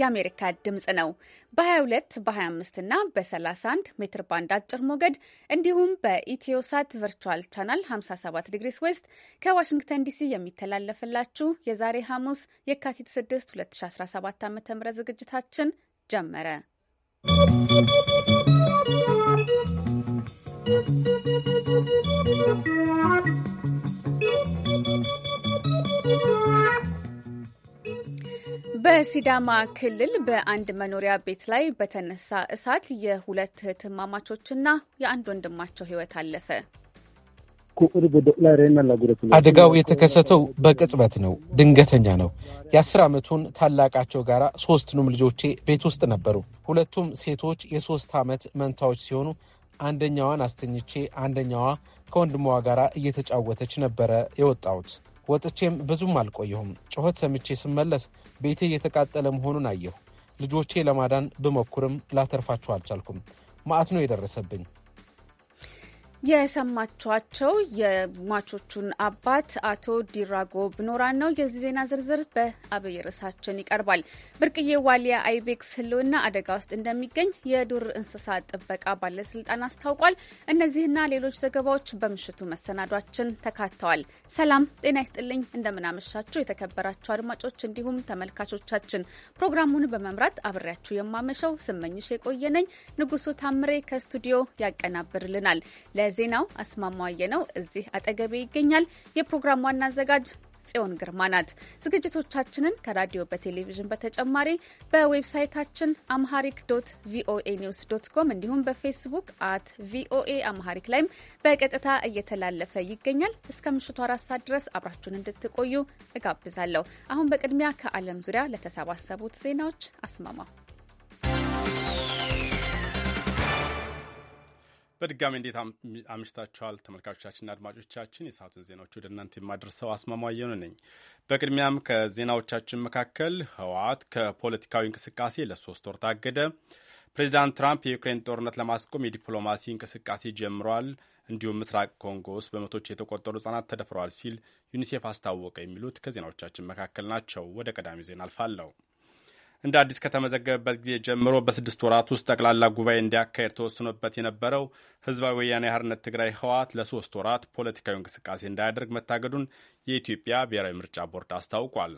የአሜሪካ ድምፅ ነው። በ22 በ25 እና በ31 ሜትር ባንድ አጭር ሞገድ እንዲሁም በኢትዮሳት ቨርቹዋል ቻናል 57 ዲግሪስ ዌስት ከዋሽንግተን ዲሲ የሚተላለፍላችሁ የዛሬ ሐሙስ የካቲት 6 2017 ዓ ም ዝግጅታችን ጀመረ። ¶¶ በሲዳማ ክልል በአንድ መኖሪያ ቤት ላይ በተነሳ እሳት የሁለት እህትማማቾችና የአንድ ወንድማቸው ሕይወት አለፈ። አደጋው የተከሰተው በቅጽበት ነው፣ ድንገተኛ ነው። የአስር ዓመቱን ታላቃቸው ጋር ሶስቱንም ልጆቼ ቤት ውስጥ ነበሩ። ሁለቱም ሴቶች የሶስት ዓመት መንታዎች ሲሆኑ አንደኛዋን አስተኝቼ አንደኛዋ ከወንድማዋ ጋር እየተጫወተች ነበረ የወጣሁት። ወጥቼም ብዙም አልቆየሁም። ጩኸት ሰምቼ ስመለስ ቤቴ እየተቃጠለ መሆኑን አየሁ። ልጆቼ ለማዳን ብሞክርም ላተርፋቸው አልቻልኩም። መዓት ነው የደረሰብኝ። የሰማችኋቸው የሟቾቹን አባት አቶ ዲራጎ ብኖራን ነው። የዚህ ዜና ዝርዝር በአብይ ርዕሳችን ይቀርባል። ብርቅዬ ዋሊያ አይቤክስ ሕልውና አደጋ ውስጥ እንደሚገኝ የዱር እንስሳ ጥበቃ ባለስልጣን አስታውቋል። እነዚህና ሌሎች ዘገባዎች በምሽቱ መሰናዷችን ተካተዋል። ሰላም ጤና ይስጥልኝ። እንደምናመሻችሁ የተከበራችሁ አድማጮች እንዲሁም ተመልካቾቻችን፣ ፕሮግራሙን በመምራት አብሬያችሁ የማመሸው ስመኝሽ የቆየነኝ ንጉሱ ታምሬ ከስቱዲዮ ያቀናብርልናል። ለዜናው አስማማየ ነው። እዚህ አጠገቤ ይገኛል። የፕሮግራም ዋና አዘጋጅ ጽዮን ግርማ ናት። ዝግጅቶቻችንን ከራዲዮ በቴሌቪዥን በተጨማሪ በዌብሳይታችን አምሃሪክ ዶት ቪኦኤ ኒውስ ዶት ኮም እንዲሁም በፌስቡክ አት ቪኦኤ አምሃሪክ ላይም በቀጥታ እየተላለፈ ይገኛል። እስከ ምሽቱ አራት ሰዓት ድረስ አብራችሁን እንድትቆዩ እጋብዛለሁ። አሁን በቅድሚያ ከዓለም ዙሪያ ለተሰባሰቡት ዜናዎች አስማማው በድጋሚ እንዴት አምሽታችኋል ተመልካቾቻችንና አድማጮቻችን። የሰዓቱን ዜናዎች ወደ እናንተ የማደርሰው አስማማየኑ ነኝ። በቅድሚያም ከዜናዎቻችን መካከል ህወሓት ከፖለቲካዊ እንቅስቃሴ ለሶስት ወር ታገደ፣ ፕሬዚዳንት ትራምፕ የዩክሬን ጦርነት ለማስቆም የዲፕሎማሲ እንቅስቃሴ ጀምረዋል፣ እንዲሁም ምስራቅ ኮንጎ ውስጥ በመቶች የተቆጠሩ ህጻናት ተደፍረዋል ሲል ዩኒሴፍ አስታወቀ፣ የሚሉት ከዜናዎቻችን መካከል ናቸው። ወደ ቀዳሚው ዜና አልፋለሁ። እንደ አዲስ ከተመዘገበበት ጊዜ ጀምሮ በስድስት ወራት ውስጥ ጠቅላላ ጉባኤ እንዲያካሄድ ተወስኖበት የነበረው ህዝባዊ ወያኔ ሓርነት ትግራይ ህወሓት ለሶስት ወራት ፖለቲካዊ እንቅስቃሴ እንዳያደርግ መታገዱን የኢትዮጵያ ብሔራዊ ምርጫ ቦርድ አስታውቋል።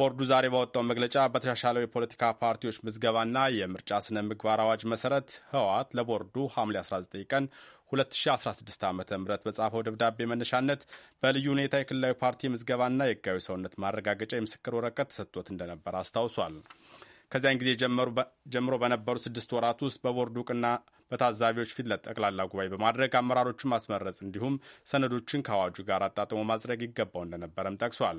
ቦርዱ ዛሬ ባወጣው መግለጫ በተሻሻለው የፖለቲካ ፓርቲዎች ምዝገባና የምርጫ ስነ ምግባር አዋጅ መሰረት ህወሓት ለቦርዱ ሐምሌ 19 ቀን 2016 ዓ ም በጻፈው ደብዳቤ መነሻነት በልዩ ሁኔታ የክልላዊ ፓርቲ ምዝገባና የህጋዊ ሰውነት ማረጋገጫ የምስክር ወረቀት ተሰጥቶት እንደነበር አስታውሷል። ከዚያን ጊዜ ጀምሮ በነበሩ ስድስት ወራት ውስጥ በቦርዱ እውቅና በታዛቢዎች ፊት ለጠቅላላ ጉባኤ በማድረግ አመራሮቹን ማስመረጥ እንዲሁም ሰነዶችን ከአዋጁ ጋር አጣጥሞ ማጽደቅ ይገባው እንደነበረም ጠቅሷል።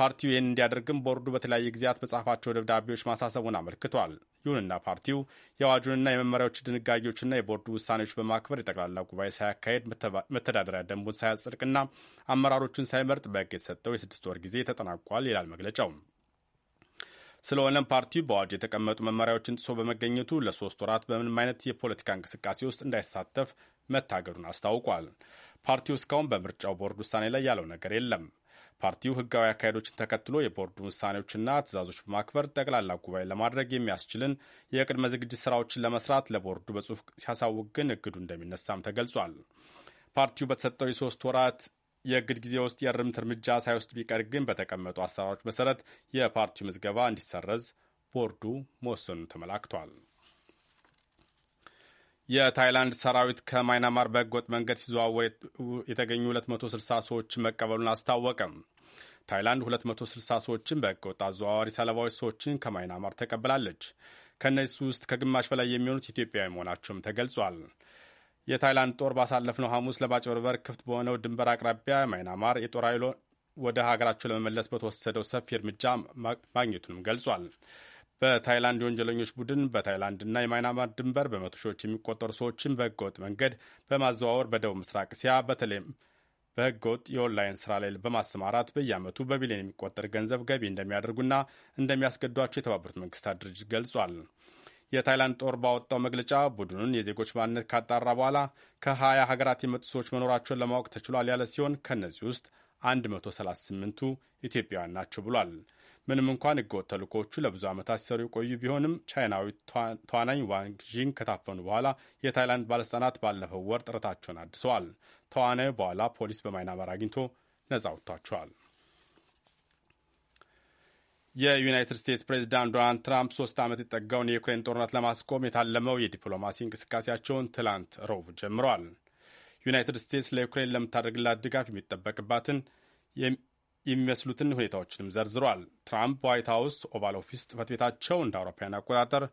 ፓርቲው ይህን እንዲያደርግም ቦርዱ በተለያየ ጊዜያት በጻፋቸው ደብዳቤዎች ማሳሰቡን አመልክቷል። ይሁንና ፓርቲው የአዋጁንና የመመሪያዎች ድንጋጌዎችና የቦርዱ ውሳኔዎች በማክበር የጠቅላላ ጉባኤ ሳያካሄድ መተዳደሪያ ደንቡን ሳያጸድቅና አመራሮቹን ሳይመርጥ በሕግ የተሰጠው የስድስት ወር ጊዜ ተጠናቋል ይላል መግለጫው። ስለሆነም ፓርቲው በአዋጅ የተቀመጡ መመሪያዎችን ጥሶ በመገኘቱ ለሶስት ወራት በምንም አይነት የፖለቲካ እንቅስቃሴ ውስጥ እንዳይሳተፍ መታገዱን አስታውቋል። ፓርቲው እስካሁን በምርጫው ቦርድ ውሳኔ ላይ ያለው ነገር የለም። ፓርቲው ህጋዊ አካሄዶችን ተከትሎ የቦርዱን ውሳኔዎችና ትዕዛዞች በማክበር ጠቅላላ ጉባኤ ለማድረግ የሚያስችልን የቅድመ ዝግጅት ስራዎችን ለመስራት ለቦርዱ በጽሁፍ ሲያሳውቅ ግን እግዱ እንደሚነሳም ተገልጿል። ፓርቲው በተሰጠው የሶስት ወራት የእግድ ጊዜ ውስጥ የእርምት እርምጃ ሳይወስድ ቢቀር ግን በተቀመጡ አሰራሮች መሰረት የፓርቲው ምዝገባ እንዲሰረዝ ቦርዱ መወሰኑን ተመላክቷል። የታይላንድ ሰራዊት ከማይናማር በህገወጥ መንገድ ሲዘዋወር የተገኙ 260 ሰዎችን መቀበሉን አስታወቀም። ታይላንድ 260 ሰዎችን በህገወጥ አዘዋዋሪ ሰለባዎች ሰዎችን ከማይናማር ተቀብላለች። ከእነዚህ ውስጥ ከግማሽ በላይ የሚሆኑት ኢትዮጵያዊ መሆናቸውም ተገልጿል። የታይላንድ ጦር ባሳለፍነው ሐሙስ ለማጭበርበር ክፍት በሆነው ድንበር አቅራቢያ ማይናማር የጦር ኃይሎ ወደ ሀገራቸው ለመመለስ በተወሰደው ሰፊ እርምጃ ማግኘቱንም ገልጿል። በታይላንድ የወንጀለኞች ቡድን በታይላንድና የማይናማር ድንበር በመቶ ሺዎች የሚቆጠሩ ሰዎችን በህገወጥ መንገድ በማዘዋወር በደቡብ ምስራቅ እስያ በተለይም በህገወጥ የኦንላይን ስራ ላይ በማሰማራት በየዓመቱ በቢሊዮን የሚቆጠር ገንዘብ ገቢ እንደሚያደርጉና እንደሚያስገዷቸው የተባበሩት መንግስታት ድርጅት ገልጿል። የታይላንድ ጦር ባወጣው መግለጫ ቡድኑን የዜጎች ማንነት ካጣራ በኋላ ከ20 ሀገራት የመጡ ሰዎች መኖራቸውን ለማወቅ ተችሏል ያለ ሲሆን ከእነዚህ ውስጥ 138ቱ ኢትዮጵያውያን ናቸው ብሏል። ምንም እንኳን ህገወጥ ተልእኮዎቹ ለብዙ ዓመታት ሲሰሩ የቆዩ ቢሆንም ቻይናዊ ተዋናኝ ዋንግ ዢን ከታፈኑ በኋላ የታይላንድ ባለሥልጣናት ባለፈው ወር ጥረታቸውን አድሰዋል። ተዋናዩ በኋላ ፖሊስ በማይናማር አግኝቶ ነጻ ወጥቷቸዋል። የዩናይትድ ስቴትስ ፕሬዚዳንት ዶናልድ ትራምፕ ሶስት ዓመት የጠጋውን የዩክሬን ጦርነት ለማስቆም የታለመው የዲፕሎማሲ እንቅስቃሴያቸውን ትላንት ሮቭ ጀምረዋል። ዩናይትድ ስቴትስ ለዩክሬን ለምታደርግላት ድጋፍ የሚጠበቅባትን የሚመስሉትን ሁኔታዎችንም ዘርዝሯል። ትራምፕ ዋይት ሀውስ ኦቫል ኦፊስ ጽህፈት ቤታቸው እንደ አውሮፓውያን አቆጣጠር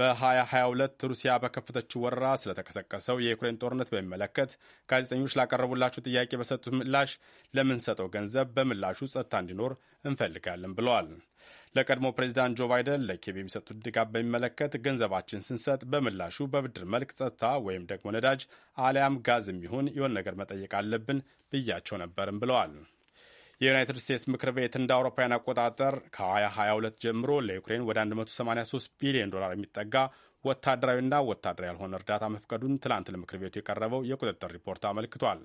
በ2022 ሩሲያ በከፈተችው ወረራ ስለተቀሰቀሰው የዩክሬን ጦርነት በሚመለከት ጋዜጠኞች ላቀረቡላቸው ጥያቄ በሰጡት ምላሽ ለምንሰጠው ገንዘብ በምላሹ ጸጥታ እንዲኖር እንፈልጋለን ብለዋል። ለቀድሞ ፕሬዚዳንት ጆ ባይደን ለኬብ የሚሰጡት ድጋፍ በሚመለከት ገንዘባችን ስንሰጥ በምላሹ በብድር መልክ ጸጥታ ወይም ደግሞ ነዳጅ አሊያም ጋዝ የሚሆን የሆነ ነገር መጠየቅ አለብን ብያቸው ነበርም ብለዋል። የዩናይትድ ስቴትስ ምክር ቤት እንደ አውሮፓውያን አቆጣጠር ከ2022 ጀምሮ ለዩክሬን ወደ 183 ቢሊዮን ዶላር የሚጠጋ ወታደራዊና ወታደራዊ ያልሆነ እርዳታ መፍቀዱን ትላንት ለምክር ቤቱ የቀረበው የቁጥጥር ሪፖርት አመልክቷል።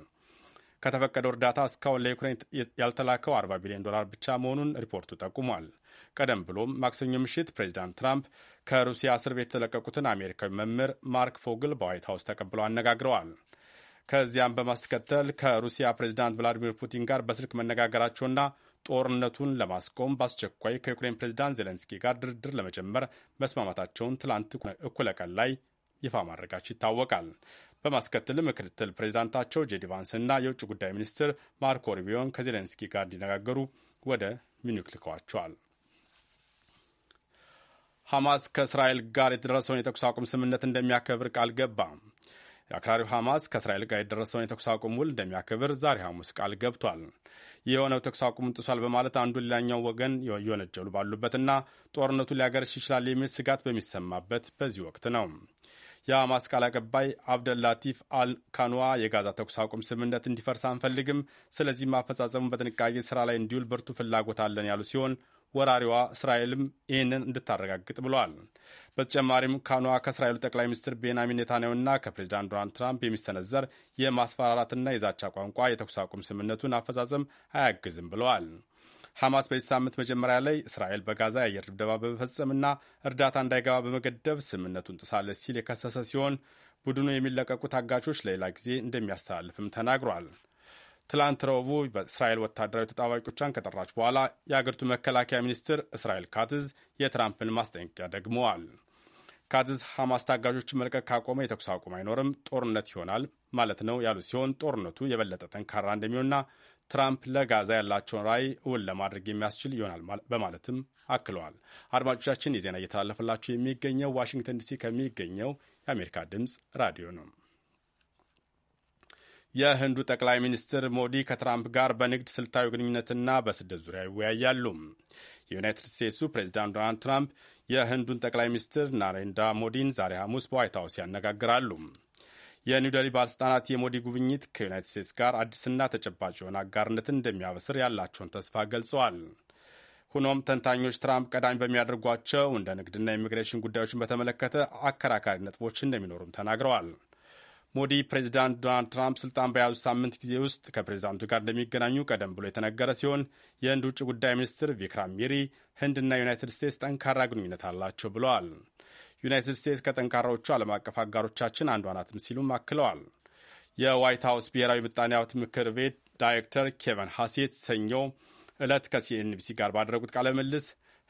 ከተፈቀደው እርዳታ እስካሁን ለዩክሬን ያልተላከው 40 ቢሊዮን ዶላር ብቻ መሆኑን ሪፖርቱ ጠቁሟል። ቀደም ብሎም ማክሰኞ ምሽት ፕሬዚዳንት ትራምፕ ከሩሲያ እስር ቤት የተለቀቁትን አሜሪካዊ መምህር ማርክ ፎግል በዋይት ሀውስ ተቀብለው አነጋግረዋል። ከዚያም በማስከተል ከሩሲያ ፕሬዚዳንት ቭላዲሚር ፑቲን ጋር በስልክ መነጋገራቸውና ጦርነቱን ለማስቆም በአስቸኳይ ከዩክሬን ፕሬዚዳንት ዜሌንስኪ ጋር ድርድር ለመጀመር መስማማታቸውን ትላንት እኩለ ቀን ላይ ይፋ ማድረጋቸው ይታወቃል። በማስከተል ምክትል ፕሬዚዳንታቸው ጄዲ ቫንስና የውጭ ጉዳይ ሚኒስትር ማርኮ ሩቢዮን ከዜሌንስኪ ጋር እንዲነጋገሩ ወደ ሚኒክ ልከዋቸዋል። ሐማስ ከእስራኤል ጋር የተደረሰውን የተኩስ አቁም ስምምነት እንደሚያከብር ቃል ገባ። የአክራሪው ሐማስ ከእስራኤል ጋር የደረሰውን የተኩስ አቁም ውል እንደሚያከብር ዛሬ ሐሙስ ቃል ገብቷል። የሆነው ተኩስ አቁም ጥሷል በማለት አንዱ ሌላኛው ወገን እየወነጀሉ ባሉበትና ጦርነቱ ሊያገረሽ ይችላል የሚል ስጋት በሚሰማበት በዚህ ወቅት ነው። የሐማስ ቃል አቀባይ አብደላቲፍ አልካንዋ የጋዛ ተኩስ አቁም ስምምነት እንዲፈርስ አንፈልግም፣ ስለዚህም አፈጻጸሙን በጥንቃቄ ስራ ላይ እንዲውል ብርቱ ፍላጎት አለን ያሉ ሲሆን ወራሪዋ እስራኤልም ይህንን እንድታረጋግጥ ብለዋል። በተጨማሪም ካኗ ከእስራኤሉ ጠቅላይ ሚኒስትር ቤንያሚን ኔታንያሁና ከፕሬዚዳንት ዶናልድ ትራምፕ የሚሰነዘር የማስፈራራትና የዛቻ ቋንቋ የተኩስ አቁም ስምምነቱን አፈጻጸም አያግዝም ብለዋል። ሐማስ በዚህ ሳምንት መጀመሪያ ላይ እስራኤል በጋዛ የአየር ድብደባ በመፈጸምና እርዳታ እንዳይገባ በመገደብ ስምምነቱን ጥሳለች ሲል የከሰሰ ሲሆን ቡድኑ የሚለቀቁ ታጋቾች ለሌላ ጊዜ እንደሚያስተላልፍም ተናግሯል። ትላንት ረቡዕ በእስራኤል ወታደራዊ ተጣባቂዎቿን ከጠራች በኋላ የአገሪቱ መከላከያ ሚኒስትር እስራኤል ካትዝ የትራምፕን ማስጠንቀቂያ ደግመዋል። ካትዝ ሐማስ ታጋዦችን መልቀቅ ካቆመ የተኩስ አቁም አይኖርም፣ ጦርነት ይሆናል ማለት ነው ያሉ ሲሆን ጦርነቱ የበለጠ ጠንካራ እንደሚሆንና ትራምፕ ለጋዛ ያላቸውን ራዕይ እውን ለማድረግ የሚያስችል ይሆናል በማለትም አክለዋል። አድማጮቻችን የዜና እየተላለፈላቸው የሚገኘው ዋሽንግተን ዲሲ ከሚገኘው የአሜሪካ ድምፅ ራዲዮ ነው። የህንዱ ጠቅላይ ሚኒስትር ሞዲ ከትራምፕ ጋር በንግድ ስልታዊ ግንኙነትና በስደት ዙሪያ ይወያያሉ። የዩናይትድ ስቴትሱ ፕሬዚዳንት ዶናልድ ትራምፕ የህንዱን ጠቅላይ ሚኒስትር ናሬንዳ ሞዲን ዛሬ ሐሙስ በዋይት ሀውስ ያነጋግራሉ። የኒውዴሊ ባለሥልጣናት የሞዲ ጉብኝት ከዩናይትድ ስቴትስ ጋር አዲስና ተጨባጭ የሆነ አጋርነትን እንደሚያበስር ያላቸውን ተስፋ ገልጸዋል። ሆኖም ተንታኞች ትራምፕ ቀዳሚ በሚያደርጓቸው እንደ ንግድና ኢሚግሬሽን ጉዳዮችን በተመለከተ አከራካሪ ነጥቦች እንደሚኖሩም ተናግረዋል። ሞዲ ፕሬዚዳንት ዶናልድ ትራምፕ ስልጣን በያዙ ሳምንት ጊዜ ውስጥ ከፕሬዚዳንቱ ጋር እንደሚገናኙ ቀደም ብሎ የተነገረ ሲሆን የህንድ ውጭ ጉዳይ ሚኒስትር ቪክራም ሚሪ ህንድና ዩናይትድ ስቴትስ ጠንካራ ግንኙነት አላቸው ብለዋል። ዩናይትድ ስቴትስ ከጠንካራዎቹ ዓለም አቀፍ አጋሮቻችን አንዷ ናትም ሲሉም አክለዋል። የዋይት ሀውስ ብሔራዊ ምጣኔ ሀብት ምክር ቤት ዳይሬክተር ኬቨን ሀሴት ሰኞ ዕለት ከሲኤንቢሲ ጋር ባደረጉት ቃለ ምልልስ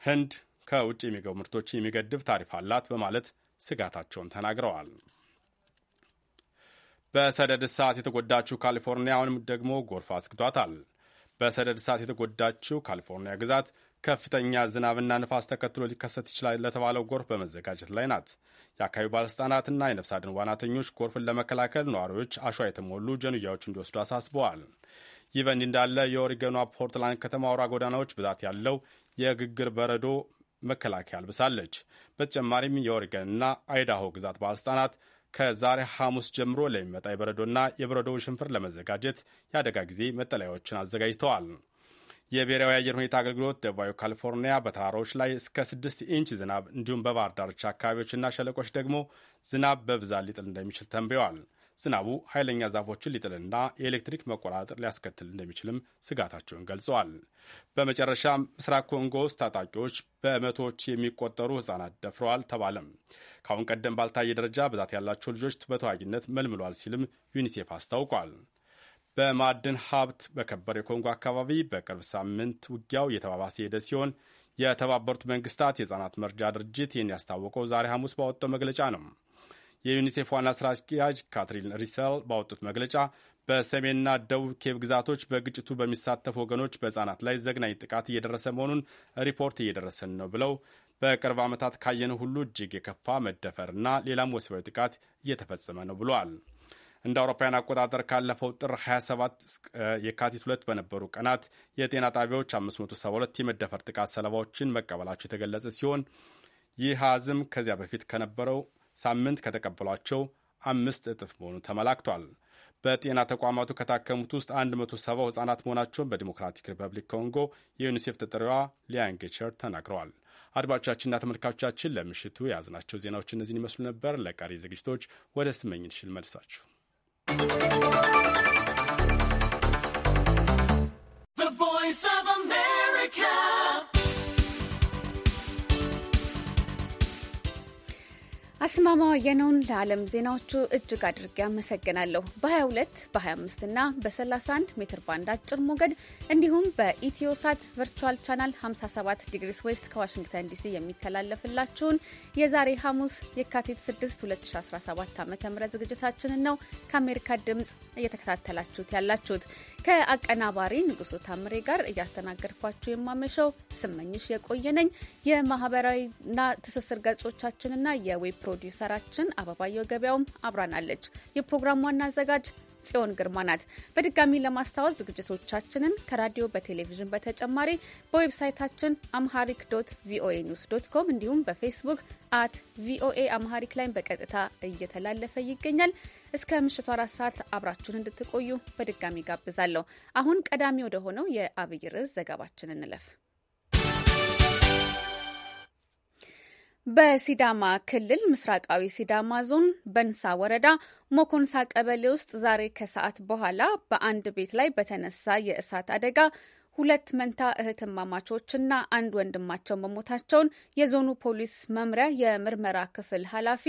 ህንድ ከውጭ የሚገቡ ምርቶችን የሚገድብ ታሪፍ አላት በማለት ስጋታቸውን ተናግረዋል። በሰደድ እሳት የተጎዳችው ካሊፎርኒያ አሁንም ደግሞ ጎርፍ አስግቷታል። በሰደድ እሳት የተጎዳችው ካሊፎርኒያ ግዛት ከፍተኛ ዝናብና ንፋስ ተከትሎ ሊከሰት ይችላል ለተባለው ጎርፍ በመዘጋጀት ላይ ናት። የአካባቢው ባለሥልጣናትና የነፍስ አድን ዋናተኞች ጎርፍን ለመከላከል ነዋሪዎች አሸዋ የተሞሉ ጀኑያዎች እንዲወስዱ አሳስበዋል። ይህ በእንዲህ እንዳለ የኦሪገኗ ፖርትላንድ ከተማ አውራ ጎዳናዎች ብዛት ያለው የግግር በረዶ መከላከያ አልብሳለች። በተጨማሪም የኦሪገንና አይዳሆ ግዛት ባለሥልጣናት ከዛሬ ሐሙስ ጀምሮ ለሚመጣ የበረዶና የበረዶው ሽንፍር ለመዘጋጀት የአደጋ ጊዜ መጠለያዎችን አዘጋጅተዋል። የብሔራዊ አየር ሁኔታ አገልግሎት ደቡባዊ ካሊፎርኒያ በተራሮች ላይ እስከ 6 ኢንች ዝናብ እንዲሁም በባህር ዳርቻ አካባቢዎችና ሸለቆች ደግሞ ዝናብ በብዛት ሊጥል እንደሚችል ተንብየዋል። ዝናቡ ኃይለኛ ዛፎችን ሊጥልና የኤሌክትሪክ መቆራጠር ሊያስከትል እንደሚችልም ስጋታቸውን ገልጸዋል። በመጨረሻም ምስራቅ ኮንጎ ውስጥ ታጣቂዎች በመቶዎች የሚቆጠሩ ሕፃናት ደፍረዋል ተባለም። ከአሁን ቀደም ባልታየ ደረጃ ብዛት ያላቸው ልጆች በተዋጊነት መልምሏል ሲልም ዩኒሴፍ አስታውቋል። በማዕድን ሀብት በከበር የኮንጎ አካባቢ በቅርብ ሳምንት ውጊያው እየተባባሰ ሄደ ሲሆን የተባበሩት መንግስታት የሕፃናት መርጃ ድርጅት ይህን ያስታወቀው ዛሬ ሐሙስ ባወጣው መግለጫ ነው። የዩኒሴፍ ዋና ስራ አስኪያጅ ካትሪን ሪሰል ባወጡት መግለጫ በሰሜንና ደቡብ ኬብ ግዛቶች በግጭቱ በሚሳተፉ ወገኖች በህጻናት ላይ ዘግናኝ ጥቃት እየደረሰ መሆኑን ሪፖርት እየደረሰን ነው ብለው በቅርብ ዓመታት ካየነው ሁሉ እጅግ የከፋ መደፈርና ሌላም ወሲባዊ ጥቃት እየተፈጸመ ነው ብለዋል። እንደ አውሮፓውያን አቆጣጠር ካለፈው ጥር 27 የካቲት 2 በነበሩ ቀናት የጤና ጣቢያዎች 572 የመደፈር ጥቃት ሰለባዎችን መቀበላቸው የተገለጸ ሲሆን ይህ ሀዝም ከዚያ በፊት ከነበረው ሳምንት ከተቀበሏቸው አምስት እጥፍ መሆኑ ተመላክቷል። በጤና ተቋማቱ ከታከሙት ውስጥ 170 ሕጻናት መሆናቸውን በዲሞክራቲክ ሪፐብሊክ ኮንጎ የዩኒሴፍ ተጠሪዋ ሊያንጌቸር ተናግረዋል። አድማጮቻችንና ተመልካቾቻችን ለምሽቱ የያዝናቸው ዜናዎች እነዚህን ይመስሉ ነበር። ለቀሪ ዝግጅቶች ወደ ስመኝት ሽል መልሳችሁ አስማማው የነውን ለዓለም ዜናዎቹ እጅግ አድርጌ አመሰግናለሁ። በ22 በ25 እና በ31 ሜትር ባንድ አጭር ሞገድ እንዲሁም በኢትዮሳት ቨርቹዋል ቻናል 57 ዲግሪስ ዌስት ከዋሽንግተን ዲሲ የሚተላለፍላችሁን የዛሬ ሐሙስ የካቲት 6 2017 ዓ ም ዝግጅታችንን ነው ከአሜሪካ ድምፅ እየተከታተላችሁት ያላችሁት። ከአቀናባሪ ንጉሱ ታምሬ ጋር እያስተናገድኳችሁ የማመሸው ስመኝሽ የቆየነኝ የማህበራዊና ትስስር ገጾቻችንና የዌብ ፕሮዲውሰራችን አበባየው ገበያውም አብራናለች። የፕሮግራም ዋና አዘጋጅ ጽዮን ግርማ ናት። በድጋሚ ለማስታወስ ዝግጅቶቻችንን ከራዲዮ በቴሌቪዥን በተጨማሪ በዌብሳይታችን አምሃሪክ ዶት ቪኦኤ ኒውስ ዶት ኮም እንዲሁም በፌስቡክ አት ቪኦኤ አምሃሪክ ላይ በቀጥታ እየተላለፈ ይገኛል። እስከ ምሽቱ አራት ሰዓት አብራችሁን እንድትቆዩ በድጋሚ ጋብዛለሁ። አሁን ቀዳሚ ወደ ሆነው የአብይ ርዕስ ዘገባችን እንለፍ። በሲዳማ ክልል ምስራቃዊ ሲዳማ ዞን በንሳ ወረዳ ሞኮንሳ ቀበሌ ውስጥ ዛሬ ከሰዓት በኋላ በአንድ ቤት ላይ በተነሳ የእሳት አደጋ ሁለት መንታ እህትማማቾችና አንድ ወንድማቸው መሞታቸውን የዞኑ ፖሊስ መምሪያ የምርመራ ክፍል ኃላፊ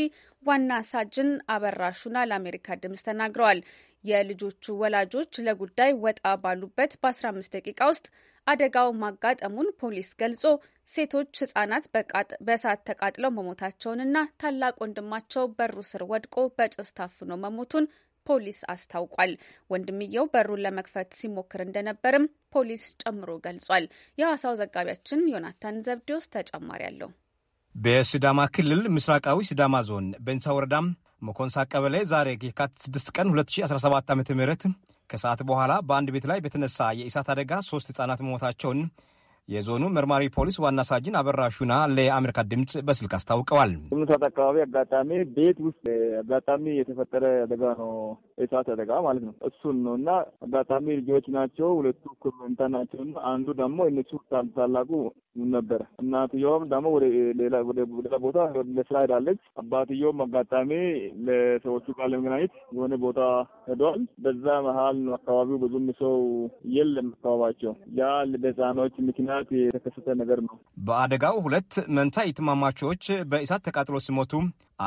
ዋና ሳጅን አበራሹና ለአሜሪካ ድምፅ ተናግረዋል። የልጆቹ ወላጆች ለጉዳይ ወጣ ባሉበት በ15 ደቂቃ ውስጥ አደጋው ማጋጠሙን ፖሊስ ገልጾ ሴቶች፣ ህጻናት በእሳት ተቃጥለው መሞታቸውንና ታላቅ ወንድማቸው በሩ ስር ወድቆ በጭስ ታፍኖ መሞቱን ፖሊስ አስታውቋል። ወንድምየው በሩን ለመክፈት ሲሞክር እንደነበርም ፖሊስ ጨምሮ ገልጿል። የሐዋሳው ዘጋቢያችን ዮናታን ዘብዴዎስ ተጨማሪ አለው። በሲዳማ ክልል ምስራቃዊ ሲዳማ ዞን በንቻ ወረዳ መኮንሳ ቀበሌ ዛሬ የካቲት 6 ቀን 2017 ዓ ም ከሰዓት በኋላ በአንድ ቤት ላይ በተነሳ የእሳት አደጋ ሶስት ህጻናት መሞታቸውን የዞኑ መርማሪ ፖሊስ ዋና ሳጅን አበራ ሹና ለአሜሪካ ድምፅ በስልክ አስታውቀዋል። ስምንት አካባቢ አጋጣሚ ቤት ውስጥ አጋጣሚ የተፈጠረ አደጋ ነው፣ የእሳት አደጋ ማለት ነው። እሱን ነው እና አጋጣሚ ልጆች ናቸው፣ ሁለቱ ኩምንታ ናቸው እና አንዱ ደግሞ እነሱ ታላቁ ነበረ። እናትየውም ደግሞ ወደሌላ ቦታ ለስራ ሄዳለች። አባትየውም አጋጣሚ ለሰዎቹ ጋር ለመገናኘት የሆነ ቦታ ሄደዋል። በዛ መሀል አካባቢው ብዙም ሰው የለም አካባቢያቸው ያ በህፃኖች ምክንያት ምክንያት የተከሰተ ነገር ነው። በአደጋው ሁለት መንታ እህትማማቾች በእሳት ተቃጥሎ ሲሞቱ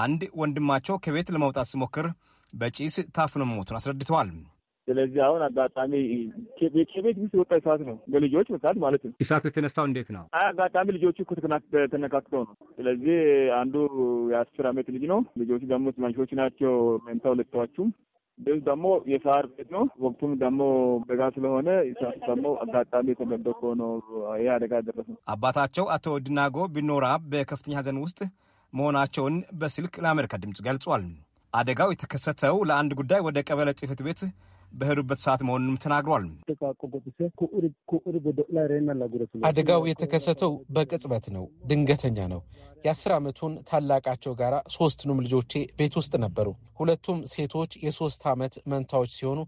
አንድ ወንድማቸው ከቤት ለመውጣት ሲሞክር በጭስ ታፍኖ መሞቱን አስረድተዋል። ስለዚህ አሁን አጋጣሚ ከቤት ውስጥ የወጣ እሳት ነው። በልጆች ምሳት ማለት ነው። እሳት የተነሳው እንዴት ነው? አይ አጋጣሚ ልጆቹ እኮ ተነካክተው ነው። ስለዚህ አንዱ የአስር አመት ልጅ ነው። ልጆቹ ደግሞ ትናንሾች ናቸው። መንታ ሁለታዋችሁም ግን ደግሞ የሳር ቤት ነው። ወቅቱም ደግሞ በጋ ስለሆነ ደግሞ አጋጣሚ የተመደኮ ነው ይህ አደጋ ደረስ ነው። አባታቸው አቶ ድናጎ ቢኖራ በከፍተኛ ሐዘን ውስጥ መሆናቸውን በስልክ ለአሜሪካ ድምፅ ገልጿል። አደጋው የተከሰተው ለአንድ ጉዳይ ወደ ቀበሌ ጽሕፈት ቤት በሄዱበት ሰዓት መሆኑንም ተናግሯል። አደጋው የተከሰተው በቅጽበት ነው፣ ድንገተኛ ነው። የአስር ዓመቱን ታላቃቸው ጋር ሶስቱንም ልጆቼ ቤት ውስጥ ነበሩ። ሁለቱም ሴቶች የሶስት ዓመት መንታዎች ሲሆኑ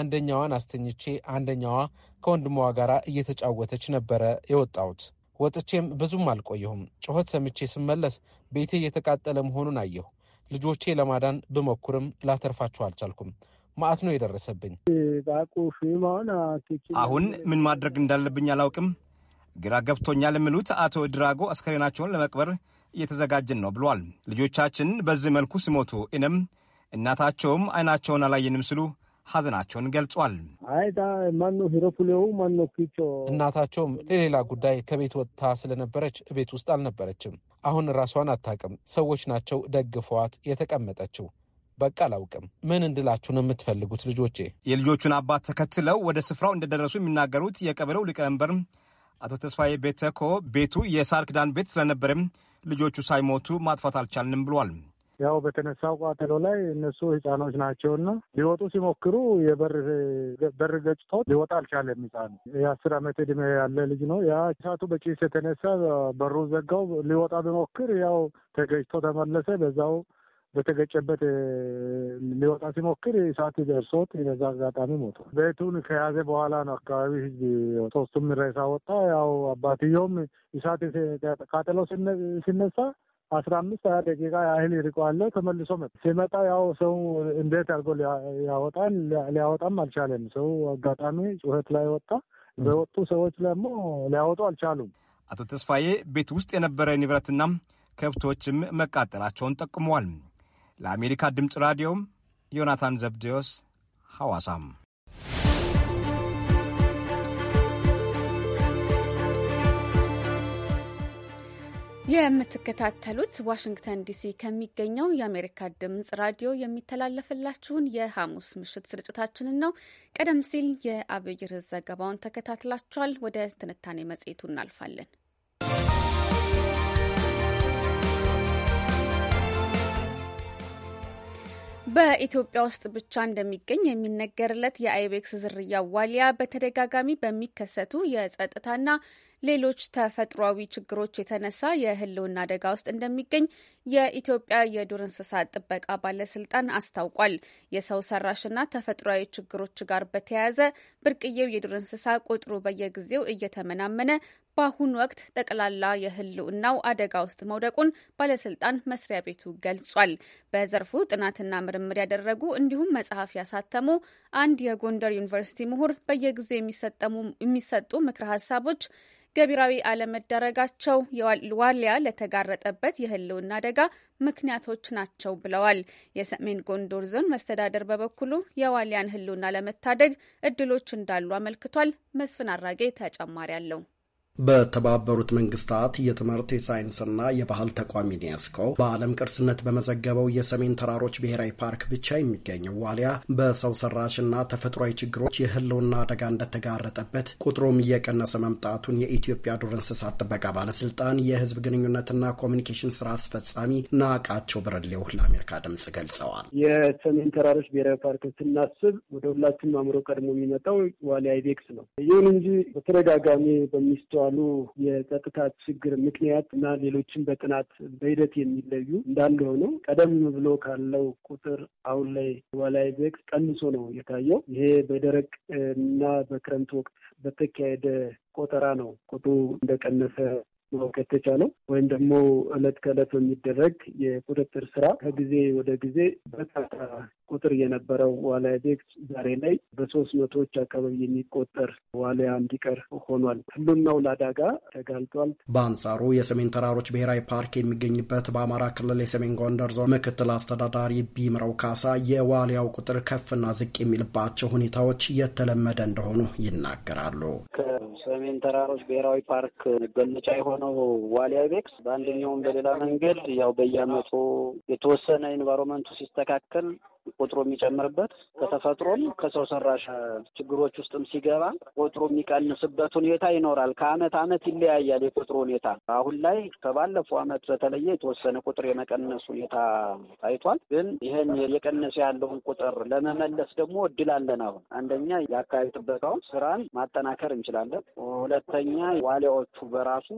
አንደኛዋን አስተኝቼ አንደኛዋ ከወንድሟ ጋር እየተጫወተች ነበረ የወጣሁት። ወጥቼም ብዙም አልቆየሁም። ጩኸት ሰምቼ ስመለስ ቤቴ እየተቃጠለ መሆኑን አየሁ። ልጆቼ ለማዳን ብሞክርም ላተርፋቸው አልቻልኩም። መዓት ነው የደረሰብኝ። አሁን ምን ማድረግ እንዳለብኝ አላውቅም፣ ግራ ገብቶኛል የሚሉት አቶ ድራጎ አስከሬናቸውን ለመቅበር እየተዘጋጅን ነው ብሏል። ልጆቻችን በዚህ መልኩ ሲሞቱ እኔም እናታቸውም አይናቸውን አላየንም ስሉ ሐዘናቸውን ገልጿል። እናታቸውም ለሌላ ጉዳይ ከቤት ወጥታ ስለነበረች ቤት ውስጥ አልነበረችም። አሁን ራሷን አታቅም። ሰዎች ናቸው ደግፈዋት የተቀመጠችው። በቃ አላውቅም። ምን እንድላችሁ ነው የምትፈልጉት? ልጆቼ የልጆቹን አባት ተከትለው ወደ ስፍራው እንደደረሱ የሚናገሩት የቀበሌው ሊቀመንበር አቶ ተስፋዬ ቤተኮ ቤቱ የሳር ክዳን ቤት ስለነበርም ልጆቹ ሳይሞቱ ማጥፋት አልቻልንም ብሏል። ያው በተነሳው ቋጠሎ ላይ እነሱ ህፃኖች ናቸውና ሊወጡ ሲሞክሩ የበር ገጭቶት ሊወጣ አልቻለም። ህፃኑ የአስር አመት እድሜ ያለ ልጅ ነው። ያ እሳቱ በጭስ የተነሳ በሩ ዘጋው። ሊወጣ ቢሞክር ያው ተገጭቶ ተመለሰ። በዛው በተገጨበት ሊወጣ ሲሞክር እሳት ደርሶት በዛ አጋጣሚ ሞቷል። ቤቱን ከያዘ በኋላ ነው አካባቢ ህዝብ ሶስቱም ሬሳ ወጣ። ያው አባትየውም እሳት ቃጠሎ ሲነሳ አስራ አምስት ሀያ ደቂቃ ያህል ይርቀዋለሁ ተመልሶ መ ሲመጣ ያው ሰው እንዴት አድርጎ ያወጣል? ሊያወጣም አልቻለም። ሰው አጋጣሚ ጩኸት ላይ ወጣ። በወጡ ሰዎች ደግሞ ሊያወጡ አልቻሉም። አቶ ተስፋዬ ቤት ውስጥ የነበረ ንብረትና ከብቶችም መቃጠላቸውን ጠቁመዋል። ለአሜሪካ ድምፅ ራዲዮም ዮናታን ዘብዴዎስ ሐዋሳም። የምትከታተሉት ዋሽንግተን ዲሲ ከሚገኘው የአሜሪካ ድምፅ ራዲዮ የሚተላለፍላችሁን የሐሙስ ምሽት ስርጭታችንን ነው። ቀደም ሲል የአብይ የአብይር ዘገባውን ተከታትላችኋል። ወደ ትንታኔ መጽሔቱ እናልፋለን። በኢትዮጵያ ውስጥ ብቻ እንደሚገኝ የሚነገርለት የአይቤክስ ዝርያ ዋሊያ በተደጋጋሚ በሚከሰቱ የጸጥታና ሌሎች ተፈጥሯዊ ችግሮች የተነሳ የሕልውና አደጋ ውስጥ እንደሚገኝ የኢትዮጵያ የዱር እንስሳት ጥበቃ ባለስልጣን አስታውቋል። የሰው ሰራሽና ተፈጥሯዊ ችግሮች ጋር በተያያዘ ብርቅዬው የዱር እንስሳ ቁጥሩ በየጊዜው እየተመናመነ በአሁኑ ወቅት ጠቅላላ የህልውናው አደጋ ውስጥ መውደቁን ባለስልጣን መስሪያ ቤቱ ገልጿል። በዘርፉ ጥናትና ምርምር ያደረጉ እንዲሁም መጽሐፍ ያሳተሙ አንድ የጎንደር ዩኒቨርሲቲ ምሁር በየጊዜው የሚሰጡ ምክረ ሀሳቦች ገቢራዊ አለመደረጋቸው ዋልያ ለተጋረጠበት የህልውና አደጋ ምክንያቶች ናቸው ብለዋል። የሰሜን ጎንደር ዞን መስተዳደር በበኩሉ የዋልያን ህልውና ለመታደግ እድሎች እንዳሉ አመልክቷል። መስፍን አራጌ ተጨማሪ አለው። በተባበሩት መንግስታት የትምህርት የሳይንስና የባህል ተቋም ዩኔስኮ በዓለም ቅርስነት በመዘገበው የሰሜን ተራሮች ብሔራዊ ፓርክ ብቻ የሚገኘው ዋሊያ በሰው ሰራሽና ተፈጥሯዊ ችግሮች የህልውና አደጋ እንደተጋረጠበት ቁጥሩም እየቀነሰ መምጣቱን የኢትዮጵያ ዱር እንስሳት ጥበቃ ባለስልጣን የህዝብ ግንኙነትና ኮሚኒኬሽን ስራ አስፈጻሚ ናቃቸው ብረሌው ለአሜሪካ ድምጽ ገልጸዋል። የሰሜን ተራሮች ብሔራዊ ፓርክ ስናስብ ወደ ሁላችንም አእምሮ ቀድሞ የሚመጣው ዋሊያ አይቤክስ ነው። ይሁን እንጂ በተደጋጋሚ በሚስቷ በዋሉ የጸጥታ ችግር ምክንያት እና ሌሎችም በጥናት በሂደት የሚለዩ እንዳለ ሆኖ ቀደም ብሎ ካለው ቁጥር አሁን ላይ ዋላይ ቀንሶ ነው የታየው። ይሄ በደረቅ እና በክረምት ወቅት በተካሄደ ቆጠራ ነው ቁጥሩ እንደቀነሰ መወገድ ተቻለው ወይም ደግሞ እለት ከእለት በሚደረግ የቁጥጥር ስራ ከጊዜ ወደ ጊዜ በርካታ ቁጥር የነበረው ዋልያ ቤክስ ዛሬ ላይ በሶስት መቶዎች አካባቢ የሚቆጠር ዋልያ እንዲቀር ሆኗል። ህልውናው ለአደጋ ተጋልጧል። በአንጻሩ የሰሜን ተራሮች ብሔራዊ ፓርክ የሚገኝበት በአማራ ክልል የሰሜን ጎንደር ዞን ምክትል አስተዳዳሪ ቢምረው ካሳ የዋልያው ቁጥር ከፍና ዝቅ የሚልባቸው ሁኔታዎች የተለመደ እንደሆኑ ይናገራሉ። ተራሮች ብሔራዊ ፓርክ መገለጫ የሆነው ዋሊያ ቤክስ በአንደኛውም በሌላ መንገድ ያው በየዓመቱ የተወሰነ ኤንቫይሮመንቱ ሲስተካከል ቁጥሩ የሚጨምርበት ከተፈጥሮም ከሰው ሰራሽ ችግሮች ውስጥም ሲገባ ቁጥሩ የሚቀንስበት ሁኔታ ይኖራል። ከአመት አመት ይለያያል የቁጥሩ ሁኔታ። አሁን ላይ ከባለፈው አመት በተለየ የተወሰነ ቁጥር የመቀነስ ሁኔታ ታይቷል። ግን ይህን የቀነሰ ያለውን ቁጥር ለመመለስ ደግሞ እድል አለን። አሁን አንደኛ የአካባቢ ጥበቃውን ስራን ማጠናከር እንችላለን። ሁለተኛ ዋሊያዎቹ በራሱ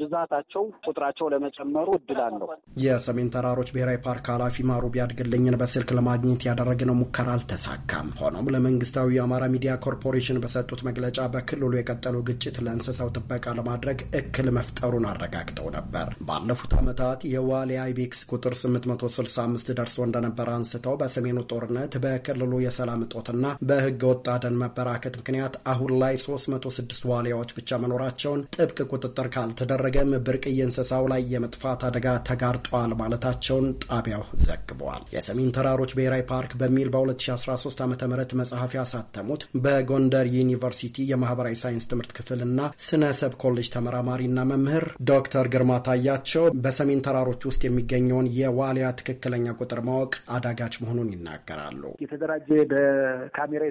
ብዛታቸው ቁጥራቸው ለመጨመሩ እድል አለው። የሰሜን ተራሮች ብሔራዊ ፓርክ ኃላፊ ማሩ ቢያድግልኝን በስልክ ለማግኘት ያደረግነው ሙከራ አልተሳካም። ሆኖም ለመንግስታዊ የአማራ ሚዲያ ኮርፖሬሽን በሰጡት መግለጫ በክልሉ የቀጠሉ ግጭት ለእንስሳው ጥበቃ ለማድረግ እክል መፍጠሩን አረጋግጠው ነበር። ባለፉት ዓመታት የዋሊያ አይቤክስ ቁጥር 865 ደርሶ እንደነበረ አንስተው በሰሜኑ ጦርነት በክልሉ የሰላም እጦትና በህገ ወጥ አደን መበራከት ምክንያት አሁን ላይ 306 ዋሊያዎች ብቻ መኖራቸውን ጥብቅ ቁጥጥር ካልተደረገም ብርቅዬ እንስሳው ላይ የመጥፋት አደጋ ተጋርጧል ማለታቸውን ጣቢያው ዘግበዋል። የሰሜን ተራሮች ብሔራዊ ፓርክ በሚል በ2013 ዓ ም መጽሐፍ ያሳተሙት በጎንደር ዩኒቨርሲቲ የማህበራዊ ሳይንስ ትምህርት ክፍልና ስነ ሰብ ኮሌጅ ተመራማሪና መምህር ዶክተር ግርማ ታያቸው በሰሜን ተራሮች ውስጥ የሚገኘውን የዋሊያ ትክክለኛ ቁጥር ማወቅ አዳጋች መሆኑን ይናገራሉ። የተደራጀ በካሜራ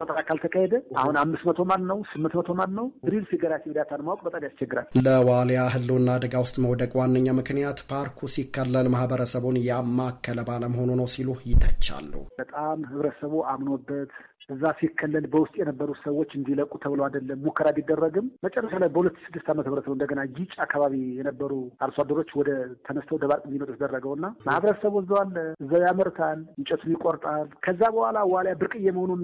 ቁጥር ካልተካሄደ አሁን አምስት መቶ ማን ነው ስምንት መቶ ማን ነው ሪል ፊገራቲቭ ዳታን ማወቅ በጣም ያስቸግራል። ለዋሊያ ህልውና አደጋ ውስጥ መውደቅ ዋነኛ ምክንያት ፓርኩ ሲከለል ማህበረሰቡን ያማከለ ባለመሆኑ ነው ሲሉ ይተቻሉ። በጣም ህብረተሰቡ አምኖበት እዛ ሲከለል በውስጥ የነበሩ ሰዎች እንዲለቁ ተብሎ አይደለም ሙከራ ቢደረግም መጨረሻ ላይ በሁለት ስድስት ዓመተ ምህረት ነው እንደገና ጊጭ አካባቢ የነበሩ አርሶ አደሮች ወደ ተነስተው ደባርቅ እንዲመጡ ተደረገውና ማህበረሰቡ እዛው አለ እዛው ያመርታል፣ እንጨቱን ይቆርጣል። ከዛ በኋላ ዋልያ ብርቅዬ መሆኑን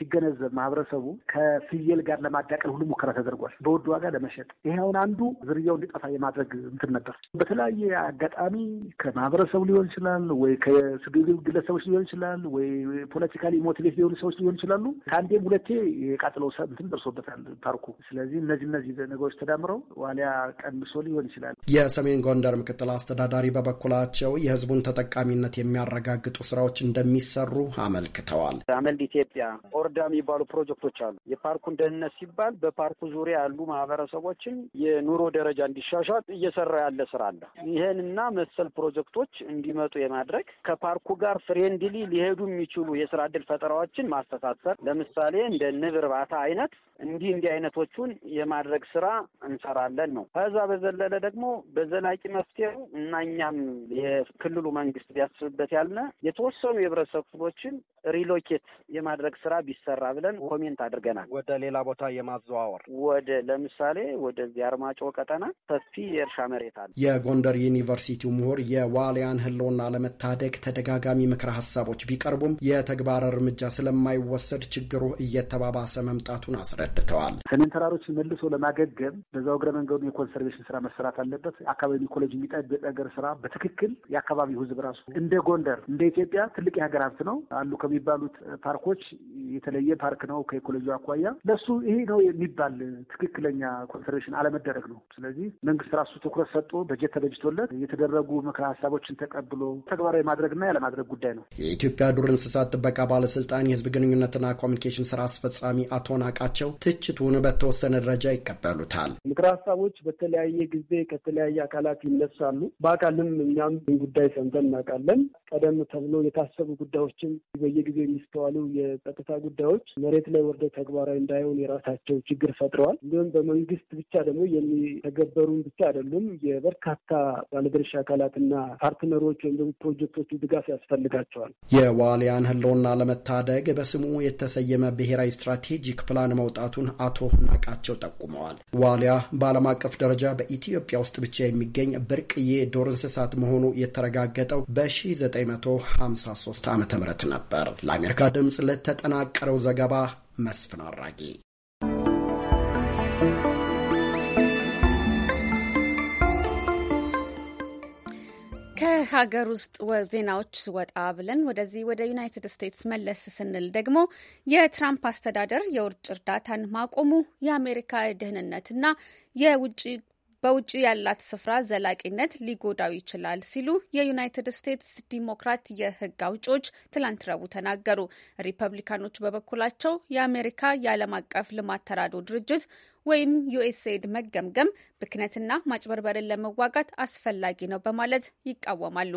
ሲገነዘብ ማህበረሰቡ ከፍየል ጋር ለማዳቀል ሁሉ ሙከራ ተደርጓል፣ በውድ ዋጋ ለመሸጥ። ይሄ አሁን አንዱ ዝርያው እንዲጠፋ የማድረግ እንትን ነበር። በተለያየ አጋጣሚ ከማህበረሰቡ ሊሆን ይችላል ወይ ከግለሰቦች ሊሆን ይችላል ወይ ፖለቲካሊ ሞቲቬት ሊሆኑ ሰዎች ሊሆን ይችላሉ። ከአንዴም ሁለቴ የቃጥለው ሰንትን ደርሶበታል ፓርኩ። ስለዚህ እነዚህ እነዚህ ነገሮች ተዳምረው ዋሊያ ቀንሶ ሊሆን ይችላል። የሰሜን ጎንደር ምክትል አስተዳዳሪ በበኩላቸው የህዝቡን ተጠቃሚነት የሚያረጋግጡ ስራዎች እንደሚሰሩ አመልክተዋል። አመልድ ኢትዮጵያ፣ ኦርዳ የሚባሉ ፕሮጀክቶች አሉ። የፓርኩን ደህንነት ሲባል በፓርኩ ዙሪያ ያሉ ማህበረሰቦችን የኑሮ ደረጃ እንዲሻሻል እየሰራ ያለ ስራ አለ። ይህንና መሰል ፕሮጀክቶች እንዲመጡ የማድረግ ከፓርኩ ጋር ፍሬንድሊ ሊሄዱ የሚችሉ የስራ እድል ፈጠራዎችን ማስተሳ ለማሳሰር ለምሳሌ እንደ ንብ እርባታ አይነት እንዲህ እንዲህ አይነቶቹን የማድረግ ስራ እንሰራለን ነው። ከዛ በዘለለ ደግሞ በዘላቂ መፍትሄው እና እኛም የክልሉ መንግስት ቢያስብበት ያልነ የተወሰኑ የህብረተሰብ ክፍሎችን ሪሎኬት የማድረግ ስራ ቢሰራ ብለን ኮሜንት አድርገናል። ወደ ሌላ ቦታ የማዘዋወር ወደ ለምሳሌ ወደዚህ አርማጮ ቀጠና ሰፊ የእርሻ መሬት አለ። የጎንደር ዩኒቨርሲቲው ምሁር የዋልያን ህልውና ለመታደግ ተደጋጋሚ ምክረ ሀሳቦች ቢቀርቡም የተግባር እርምጃ ስለማይወ በመወሰድ ችግሩ እየተባባሰ መምጣቱን አስረድተዋል። ሰሜን ተራሮችን መልሶ ለማገገም በዛው እግረ መንገዱ የኮንሰርቬሽን ስራ መሰራት አለበት። አካባቢ ኢኮሎጂ የሚጠብቅ ነገር ስራ በትክክል የአካባቢው ህዝብ ራሱ እንደ ጎንደር እንደ ኢትዮጵያ ትልቅ የሀገር ሀብት ነው አሉ ከሚባሉት ፓርኮች የተለየ ፓርክ ነው ከኢኮሎጂ አኳያ ለሱ ይሄ ነው የሚባል ትክክለኛ ኮንሰርቬሽን አለመደረግ ነው። ስለዚህ መንግስት ራሱ ትኩረት ሰጥቶ በጀት ተበጅቶለት የተደረጉ ምክረ ሀሳቦችን ተቀብሎ ተግባራዊ ማድረግና ያለማድረግ ጉዳይ ነው። የኢትዮጵያ ዱር እንስሳት ጥበቃ ባለስልጣን የህዝብ ግንኙነትና ኮሚኒኬሽን ስራ አስፈጻሚ አቶ ናቃቸው ትችቱን በተወሰነ ደረጃ ይቀበሉታል። ምክረ ሀሳቦች በተለያየ ጊዜ ከተለያየ አካላት ይነሳሉ። በአካልም እኛም ጉዳይ ሰምተን እናውቃለን። ቀደም ተብሎ የታሰቡ ጉዳዮችን በየጊዜው የሚስተዋሉ የጸጥታ ጉዳዮች መሬት ላይ ወርደው ተግባራዊ እንዳይሆን የራሳቸው ችግር ፈጥረዋል። እንዲሁም በመንግስት ብቻ ደግሞ የሚተገበሩን ብቻ አይደሉም። የበርካታ ባለድርሻ አካላትና ፓርትነሮች ወይም ደግሞ ፕሮጀክቶቹ ድጋፍ ያስፈልጋቸዋል። የዋልያን ህልውና ለመታደግ በስሙ የተሰየመ ብሔራዊ ስትራቴጂክ ፕላን መውጣቱን አቶ ናቃቸው ጠቁመዋል። ዋልያ በዓለም አቀፍ ደረጃ በኢትዮጵያ ውስጥ ብቻ የሚገኝ ብርቅዬ ዱር እንስሳት መሆኑ የተረጋገጠው በ1953 ዓ ም ነበር። ለአሜሪካ ድምፅ ለተጠናቀ ለተጠናቀረው ዘገባ መስፍን አራጌ። ከሀገር ውስጥ ዜናዎች ወጣ ብለን ወደዚህ ወደ ዩናይትድ ስቴትስ መለስ ስንል ደግሞ የትራምፕ አስተዳደር የውጭ እርዳታን ማቆሙ የአሜሪካ ደህንነትና የውጭ በውጭ ያላት ስፍራ ዘላቂነት ሊጎዳው ይችላል ሲሉ የዩናይትድ ስቴትስ ዲሞክራት የህግ አውጪዎች ትላንት ረቡዕ ተናገሩ። ሪፐብሊካኖች በበኩላቸው የአሜሪካ የዓለም አቀፍ ልማት ተራድኦ ድርጅት ወይም ዩኤስኤድ መገምገም ብክነትና ማጭበርበርን ለመዋጋት አስፈላጊ ነው በማለት ይቃወማሉ።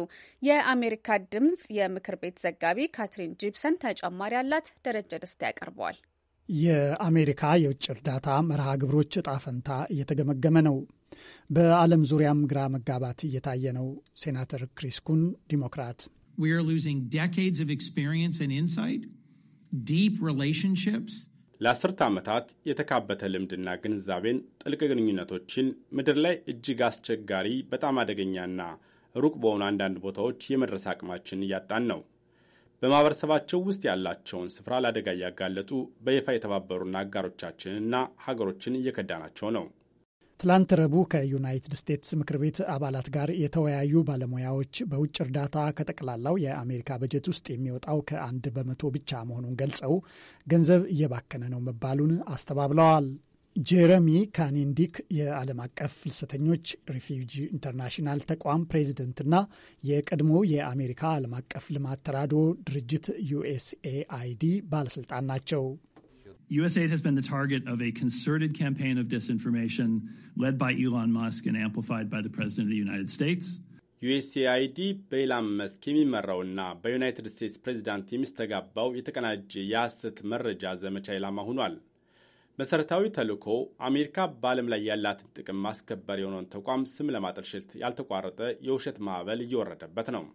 የአሜሪካ ድምጽ የምክር ቤት ዘጋቢ ካትሪን ጂፕሰን ተጨማሪ ያላት ደረጀ ደስታ ያቀርበዋል። የአሜሪካ የውጭ እርዳታ መርሃ ግብሮች እጣ ፈንታ እየተገመገመ ነው። በዓለም ዙሪያም ግራ መጋባት እየታየ ነው። ሴናተር ክሪስ ኩን ዲሞክራት፣ ለአስርተ ዓመታት የተካበተ ልምድና ግንዛቤን፣ ጥልቅ ግንኙነቶችን፣ ምድር ላይ እጅግ አስቸጋሪ፣ በጣም አደገኛና ሩቅ በሆኑ አንዳንድ ቦታዎች የመድረስ አቅማችን እያጣን ነው። በማህበረሰባቸው ውስጥ ያላቸውን ስፍራ ለአደጋ እያጋለጡ በይፋ የተባበሩና አጋሮቻችንና ሀገሮችን እየከዳናቸው ነው። ትላንት ረቡዕ ከዩናይትድ ስቴትስ ምክር ቤት አባላት ጋር የተወያዩ ባለሙያዎች በውጭ እርዳታ ከጠቅላላው የአሜሪካ በጀት ውስጥ የሚወጣው ከአንድ በመቶ ብቻ መሆኑን ገልጸው ገንዘብ እየባከነ ነው መባሉን አስተባብለዋል። ጄረሚ ካኒንዲክ የዓለም አቀፍ ፍልሰተኞች ሪፊጂ ኢንተርናሽናል ተቋም ፕሬዚደንትና የቀድሞ የአሜሪካ ዓለም አቀፍ ልማት ተራድኦ ድርጅት ዩኤስኤአይዲ ባለስልጣን ናቸው። USAID has been the target of a concerted campaign of disinformation led by Elon Musk and amplified by the President of the United States. USAID በኢላን መስክ የሚመራውና በዩናይትድ ስቴትስ ፕሬዚዳንት የሚስተጋባው የተቀናጀ የሐሰት መረጃ ዘመቻ ኢላማ ሆኗል። መሠረታዊ ተልዕኮ አሜሪካ በዓለም ላይ ያላትን ጥቅም ማስከበር የሆነውን ተቋም ስም ለማጠልሸት ያልተቋረጠ የውሸት ማዕበል እየወረደበት ነው።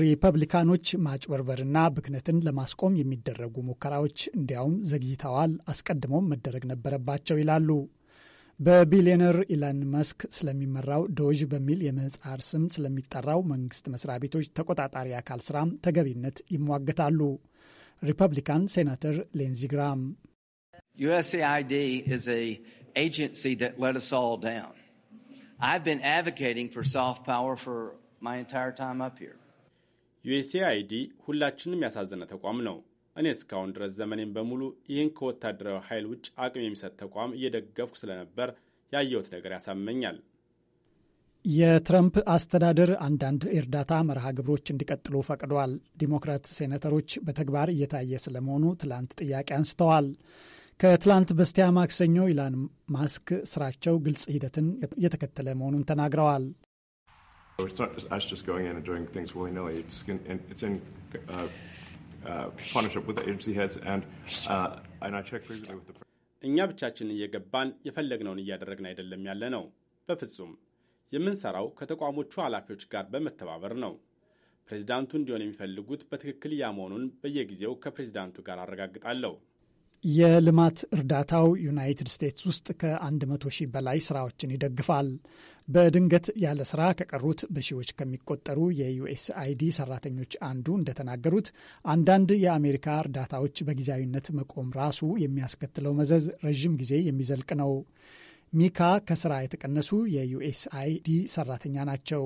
ሪፐብሊካኖች ማጭበርበርና ብክነትን ለማስቆም የሚደረጉ ሙከራዎች እንዲያውም ዘግይተዋል፣ አስቀድሞም መደረግ ነበረባቸው ይላሉ። በቢሊዮነር ኢላን መስክ ስለሚመራው ዶዥ በሚል የምህጻር ስም ስለሚጠራው መንግስት መስሪያ ቤቶች ተቆጣጣሪ አካል ስራም ተገቢነት ይሟገታሉ። ሪፐብሊካን ሴናተር ሌንዚ ግራም ዩኤስኤአይዲ is a agency that let us all down. I've ዩኤስኤአይዲ ሁላችንም ያሳዘነ ተቋም ነው። እኔ እስካሁን ድረስ ዘመኔን በሙሉ ይህን ከወታደራዊ ኃይል ውጭ አቅም የሚሰጥ ተቋም እየደገፍኩ ስለነበር ያየሁት ነገር ያሳመኛል። የትረምፕ አስተዳደር አንዳንድ እርዳታ መርሃ ግብሮች እንዲቀጥሉ ፈቅደዋል። ዲሞክራት ሴኔተሮች በተግባር እየታየ ስለመሆኑ ትላንት ጥያቄ አንስተዋል። ከትላንት በስቲያ ማክሰኞ ኢላን ማስክ ስራቸው ግልጽ ሂደትን የተከተለ መሆኑን ተናግረዋል። It's not just us just going in and doing things willy nilly. It's in, it's in uh, uh, partnership with the agency heads and, uh, and I checked recently with the. እኛ ብቻችን እየገባን የፈለግነውን እያደረግን አይደለም ያለ ነው። በፍጹም የምንሰራው ከተቋሞቹ ኃላፊዎች ጋር በመተባበር ነው። ፕሬዚዳንቱ እንዲሆን የሚፈልጉት በትክክል ያ መሆኑን በየጊዜው ከፕሬዚዳንቱ ጋር አረጋግጣለሁ። የልማት እርዳታው ዩናይትድ ስቴትስ ውስጥ ከ100 ሺህ በላይ ስራዎችን ይደግፋል። በድንገት ያለ ስራ ከቀሩት በሺዎች ከሚቆጠሩ የዩኤስአይዲ ሰራተኞች አንዱ እንደተናገሩት አንዳንድ የአሜሪካ እርዳታዎች በጊዜያዊነት መቆም ራሱ የሚያስከትለው መዘዝ ረዥም ጊዜ የሚዘልቅ ነው። ሚካ ከስራ የተቀነሱ የዩኤስአይዲ ሰራተኛ ናቸው።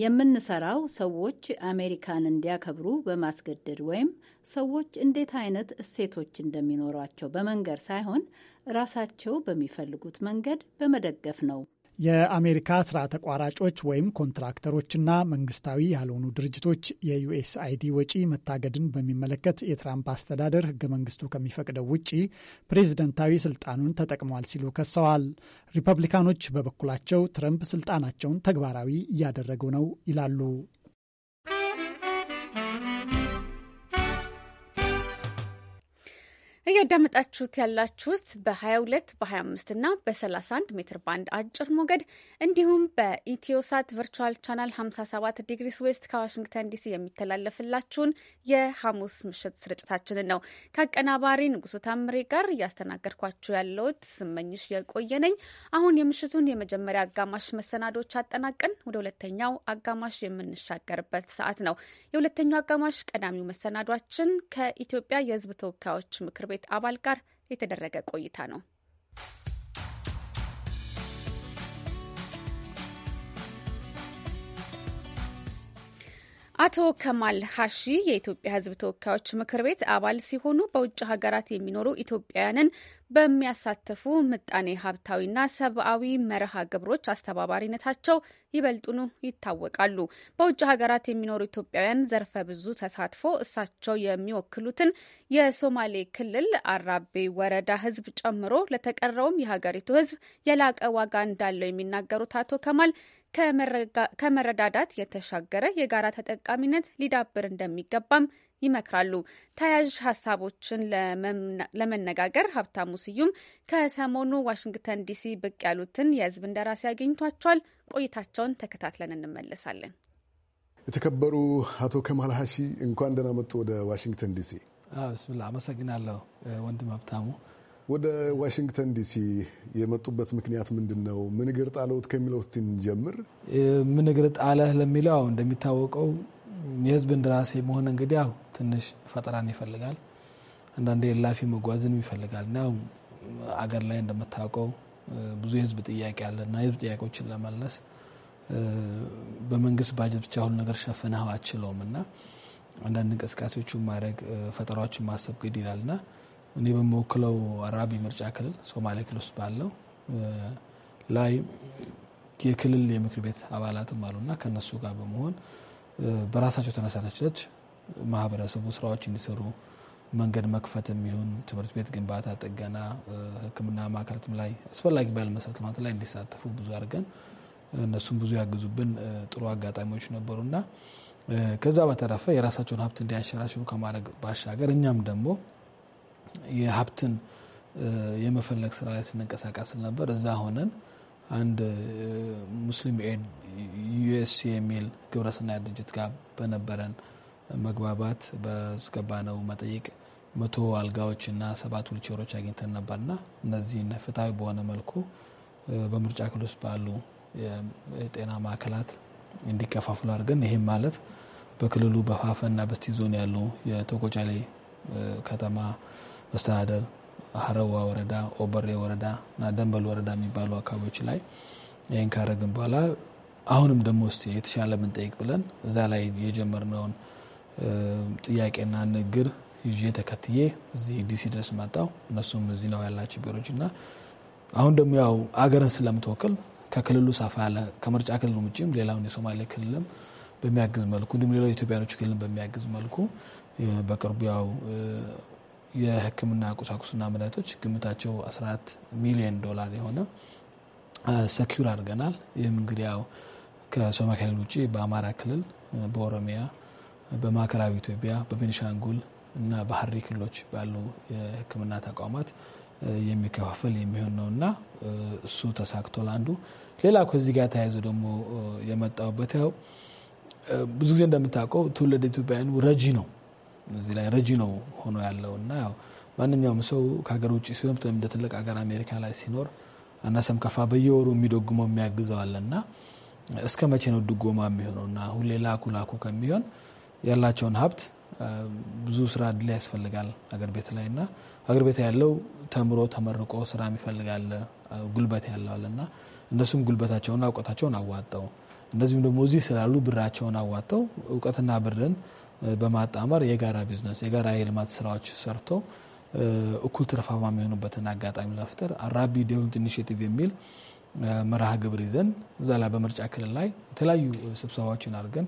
የምንሰራው ሰዎች አሜሪካን እንዲያከብሩ በማስገደድ ወይም ሰዎች እንዴት አይነት እሴቶች እንደሚኖሯቸው በመንገር ሳይሆን ራሳቸው በሚፈልጉት መንገድ በመደገፍ ነው የአሜሪካ ስራ ተቋራጮች ወይም ኮንትራክተሮችና መንግስታዊ ያልሆኑ ድርጅቶች የዩኤስአይዲ ወጪ መታገድን በሚመለከት የትራምፕ አስተዳደር ህገ መንግስቱ ከሚፈቅደው ውጪ ፕሬዝደንታዊ ስልጣኑን ተጠቅሟል ሲሉ ከሰዋል። ሪፐብሊካኖች በበኩላቸው ትረምፕ ስልጣናቸውን ተግባራዊ እያደረጉ ነው ይላሉ። እያዳመጣችሁት ያላችሁት በ22 በ25 እና በ31 ሜትር ባንድ አጭር ሞገድ እንዲሁም በኢትዮሳት ቨርቹዋል ቻናል 57 ዲግሪስ ዌስት ከዋሽንግተን ዲሲ የሚተላለፍላችሁን የሐሙስ ምሽት ስርጭታችንን ነው። ከአቀናባሪ ንጉሱ ታምሬ ጋር እያስተናገድኳችሁ ያለውት ስመኝሽ የቆየ ነኝ። አሁን የምሽቱን የመጀመሪያ አጋማሽ መሰናዶች አጠናቀን ወደ ሁለተኛው አጋማሽ የምንሻገርበት ሰዓት ነው። የሁለተኛው አጋማሽ ቀዳሚው መሰናዷችን ከኢትዮጵያ የህዝብ ተወካዮች ምክር ቤት ቤት አባል ጋር የተደረገ ቆይታ ነው። አቶ ከማል ሀሺ የኢትዮጵያ ሕዝብ ተወካዮች ምክር ቤት አባል ሲሆኑ በውጭ ሀገራት የሚኖሩ ኢትዮጵያውያንን በሚያሳተፉ ምጣኔ ሀብታዊና ሰብአዊ መርሃ ግብሮች አስተባባሪነታቸው ይበልጡኑ ይታወቃሉ። በውጭ ሀገራት የሚኖሩ ኢትዮጵያውያን ዘርፈ ብዙ ተሳትፎ እሳቸው የሚወክሉትን የሶማሌ ክልል አራቤ ወረዳ ህዝብ ጨምሮ ለተቀረውም የሀገሪቱ ህዝብ የላቀ ዋጋ እንዳለው የሚናገሩት አቶ ከማል ከመረዳዳት የተሻገረ የጋራ ተጠቃሚነት ሊዳብር እንደሚገባም ይመክራሉ። ተያያዥ ሀሳቦችን ለመነጋገር ሀብታሙ ስዩም ከሰሞኑ ዋሽንግተን ዲሲ ብቅ ያሉትን የህዝብ እንደራሴ ያገኝቷቸዋል። ቆይታቸውን ተከታትለን እንመለሳለን። የተከበሩ አቶ ከማል ሀሺ እንኳን ደህና መጡ ወደ ዋሽንግተን ዲሲ። ብስምላ አመሰግናለሁ ወንድም ሀብታሙ ወደ ዋሽንግተን ዲሲ የመጡበት ምክንያት ምንድን ነው? ምን እግር ጣለውት ከሚለው ውስጥ እንጀምር። ምን እግር ጣለህ ለሚለው እንደሚታወቀው የህዝብ እንደራሴ መሆን እንግዲህ ያው ትንሽ ፈጠራን ይፈልጋል። አንዳንድ የላፊ መጓዝን ይፈልጋል እና አገር ላይ እንደምታውቀው ብዙ የህዝብ ጥያቄ አለ እና የህዝብ ጥያቄዎችን ለመለስ በመንግስት ባጀት ብቻ ሁሉ ነገር ሸፍነው አችለውም እና አንዳንድ እንቅስቃሴዎችን ማድረግ ፈጠራዎችን ማሰብ ግድ ይላል ና እኔ በምወክለው አራቢ ምርጫ ክልል ሶማሌ ክልል ውስጥ ባለው ላይ የክልል የምክር ቤት አባላትም አሉና ከነሱ ጋር በመሆን በራሳቸው ተነሳሽነት ማህበረሰቡ ስራዎች እንዲሰሩ መንገድ መክፈት የሚሆን ትምህርት ቤት ግንባታ፣ ጥገና፣ ሕክምና ማዕከላትም ላይ አስፈላጊ ባል መሰረተ ልማት ላይ እንዲሳተፉ ብዙ አድርገን እነሱም ብዙ ያግዙብን ጥሩ አጋጣሚዎች ነበሩና ከዛ በተረፈ የራሳቸውን ሀብት እንዲያሸራሽሩ ከማድረግ ባሻገር እኛም ደግሞ የሀብትን የመፈለግ ስራ ላይ ስንንቀሳቀስ ነበር። እዛ ሆነን አንድ ሙስሊም ኤድ ዩኤስ የሚል ግብረሰናይ ድርጅት ጋር በነበረን መግባባት በስገባነው መጠይቅ መቶ አልጋዎችና ሰባት ዊልቸሮች አግኝተን ነበርና እነዚህን ፍትሐዊ በሆነ መልኩ በምርጫ ክልል ውስጥ ባሉ የጤና ማዕከላት እንዲከፋፍሉ አድርገን ይህም ማለት በክልሉ በፋፈና በስቲ ዞን ያሉ የተቆጫሌ ከተማ መስተዳደር ሀረዋ ወረዳ፣ ኦበሬ ወረዳ እና ደንበል ወረዳ የሚባሉ አካባቢዎች ላይ ይህን ካረግን በኋላ አሁንም ደግሞ ስ የተሻለ ምንጠይቅ ብለን እዛ ላይ የጀመርነውን ጥያቄና ንግግር ይዤ ተከትዬ እዚህ ዲሲ ድረስ መጣው። እነሱም እዚህ ነው ያላቸው ቢሮች እና አሁን ደግሞ ያው አገርን ስለምትወክል ከክልሉ ሰፋ ያለ ከምርጫ ክልል ውጭም ሌላውን የሶማሌ ክልልም በሚያግዝ መልኩ እንዲሁም ሌላው የኢትዮጵያኖች ክልልም በሚያግዝ መልኩ በቅርቡ ያው የህክምና ቁሳቁስና መድኃኒቶች ግምታቸው 14 ሚሊዮን ዶላር የሆነ ሰኪር አድርገናል። ይህም እንግዲህ ያው ከሶማ ክልል ውጭ በአማራ ክልል፣ በኦሮሚያ፣ በማዕከላዊ ኢትዮጵያ፣ በቤኒሻንጉል እና ባህሪ ክልሎች ባሉ የህክምና ተቋማት የሚከፋፈል የሚሆን ነው እና እሱ ተሳክቶ ለአንዱ ሌላ ከዚህ ጋር ተያይዞ ደግሞ የመጣውበት ያው ብዙ ጊዜ እንደምታውቀው ትውልድ ኢትዮጵያውያኑ ረጂ ነው እዚህ ላይ ረጂ ነው ሆኖ ያለው እና ያው ማንኛውም ሰው ከሀገር ውጭ ሲሆን በተለይም እንደ ትልቅ ሀገር አሜሪካ ላይ ሲኖር አናሰም ከፋ በየወሩ የሚደጉመው አለ እና እስከ መቼ ነው ድጎማ የሚሆነው? እና ሁሌ ላኩ ላኩ ከሚሆን ያላቸውን ሀብት ብዙ ስራ እድል ያስፈልጋል አገር ቤት ላይ እና አገር ቤት ያለው ተምሮ ተመርቆ ስራ ይፈልጋል ጉልበት ያለዋል እና እነሱም ጉልበታቸውን እውቀታቸውን አዋጠው እንደዚሁም ደግሞ እዚህ ስላሉ ብራቸውን አዋጠው እውቀትና ብርን በማጣመር የጋራ ቢዝነስ የጋራ የልማት ስራዎች ሰርቶ እኩል ትርፋማ የሚሆኑበትን አጋጣሚ ለመፍጠር አራቢ ዴቨሎፕ ኢኒሽቲቭ የሚል መርሃ ግብር ይዘን እዛ ላይ በምርጫ ክልል ላይ የተለያዩ ስብሰባዎችን አድርገን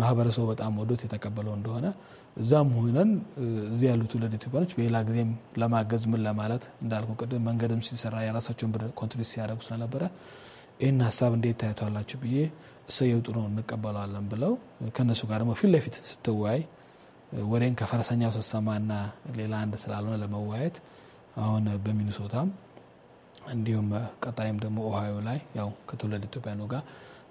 ማህበረሰቡ በጣም ወዶት የተቀበለው እንደሆነ እዛም ሆነን እዚህ ያሉ ትውልድ ኢትዮጵያኖች በሌላ ጊዜም ለማገዝ ምን ለማለት እንዳልኩ ቅድም መንገድም ሲሰራ የራሳቸውን ብር ኮንትሪት ሲያደርጉ ስለነበረ ይህን ሀሳብ እንዴት ታይቷላችሁ ብዬ ሰየውጡ ነው እንቀበለዋለን ብለው ከእነሱ ጋር ደግሞ ፊት ለፊት ስትወያይ ወሬን ከፈረሰኛው ስትሰማና ሌላ አንድ ስላልሆነ ለመወያየት አሁን በሚኒሶታም እንዲሁም ቀጣይም ደግሞ ኦሃዮ ላይ ያው ከትውልድ ኢትዮጵያኑ ጋር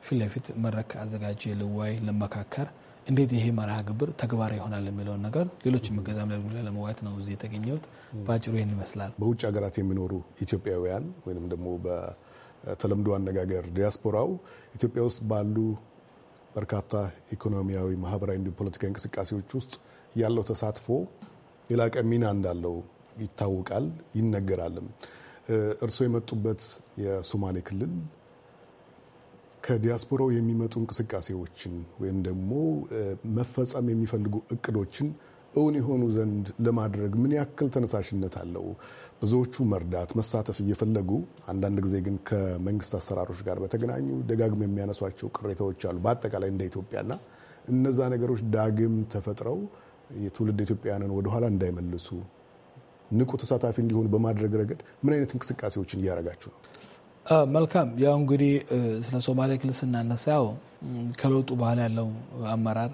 ፊት ለፊት መድረክ አዘጋጅ ልዋይ ልመካከር እንዴት ይሄ መርሃ ግብር ተግባራዊ ይሆናል የሚለውን ነገር ሌሎች የምገዛም ላይ ለመዋየት ነው እዚህ የተገኘሁት። በአጭሩ ይህን ይመስላል። በውጭ ሀገራት የሚኖሩ ኢትዮጵያውያን ወይም ደግሞ ተለምዶ አነጋገር ዲያስፖራው ኢትዮጵያ ውስጥ ባሉ በርካታ ኢኮኖሚያዊ፣ ማህበራዊ እንዲሁም ፖለቲካዊ እንቅስቃሴዎች ውስጥ ያለው ተሳትፎ የላቀ ሚና እንዳለው ይታወቃል ይነገራልም። እርስዎ የመጡበት የሶማሌ ክልል ከዲያስፖራው የሚመጡ እንቅስቃሴዎችን ወይም ደግሞ መፈጸም የሚፈልጉ እቅዶችን እውን የሆኑ ዘንድ ለማድረግ ምን ያክል ተነሳሽነት አለው? ብዙዎቹ መርዳት መሳተፍ እየፈለጉ አንዳንድ ጊዜ ግን ከመንግስት አሰራሮች ጋር በተገናኙ ደጋግሞ የሚያነሷቸው ቅሬታዎች አሉ፣ በአጠቃላይ እንደ ኢትዮጵያና እነዛ ነገሮች ዳግም ተፈጥረው የትውልድ ኢትዮጵያውያንን ወደኋላ እንዳይመልሱ ንቁ ተሳታፊ እንዲሆኑ በማድረግ ረገድ ምን አይነት እንቅስቃሴዎችን እያደረጋችሁ ነው? መልካም። ያው እንግዲህ ስለ ሶማሌ ክልል ስናነሳ ያው ከለውጡ በኋላ ያለው አመራር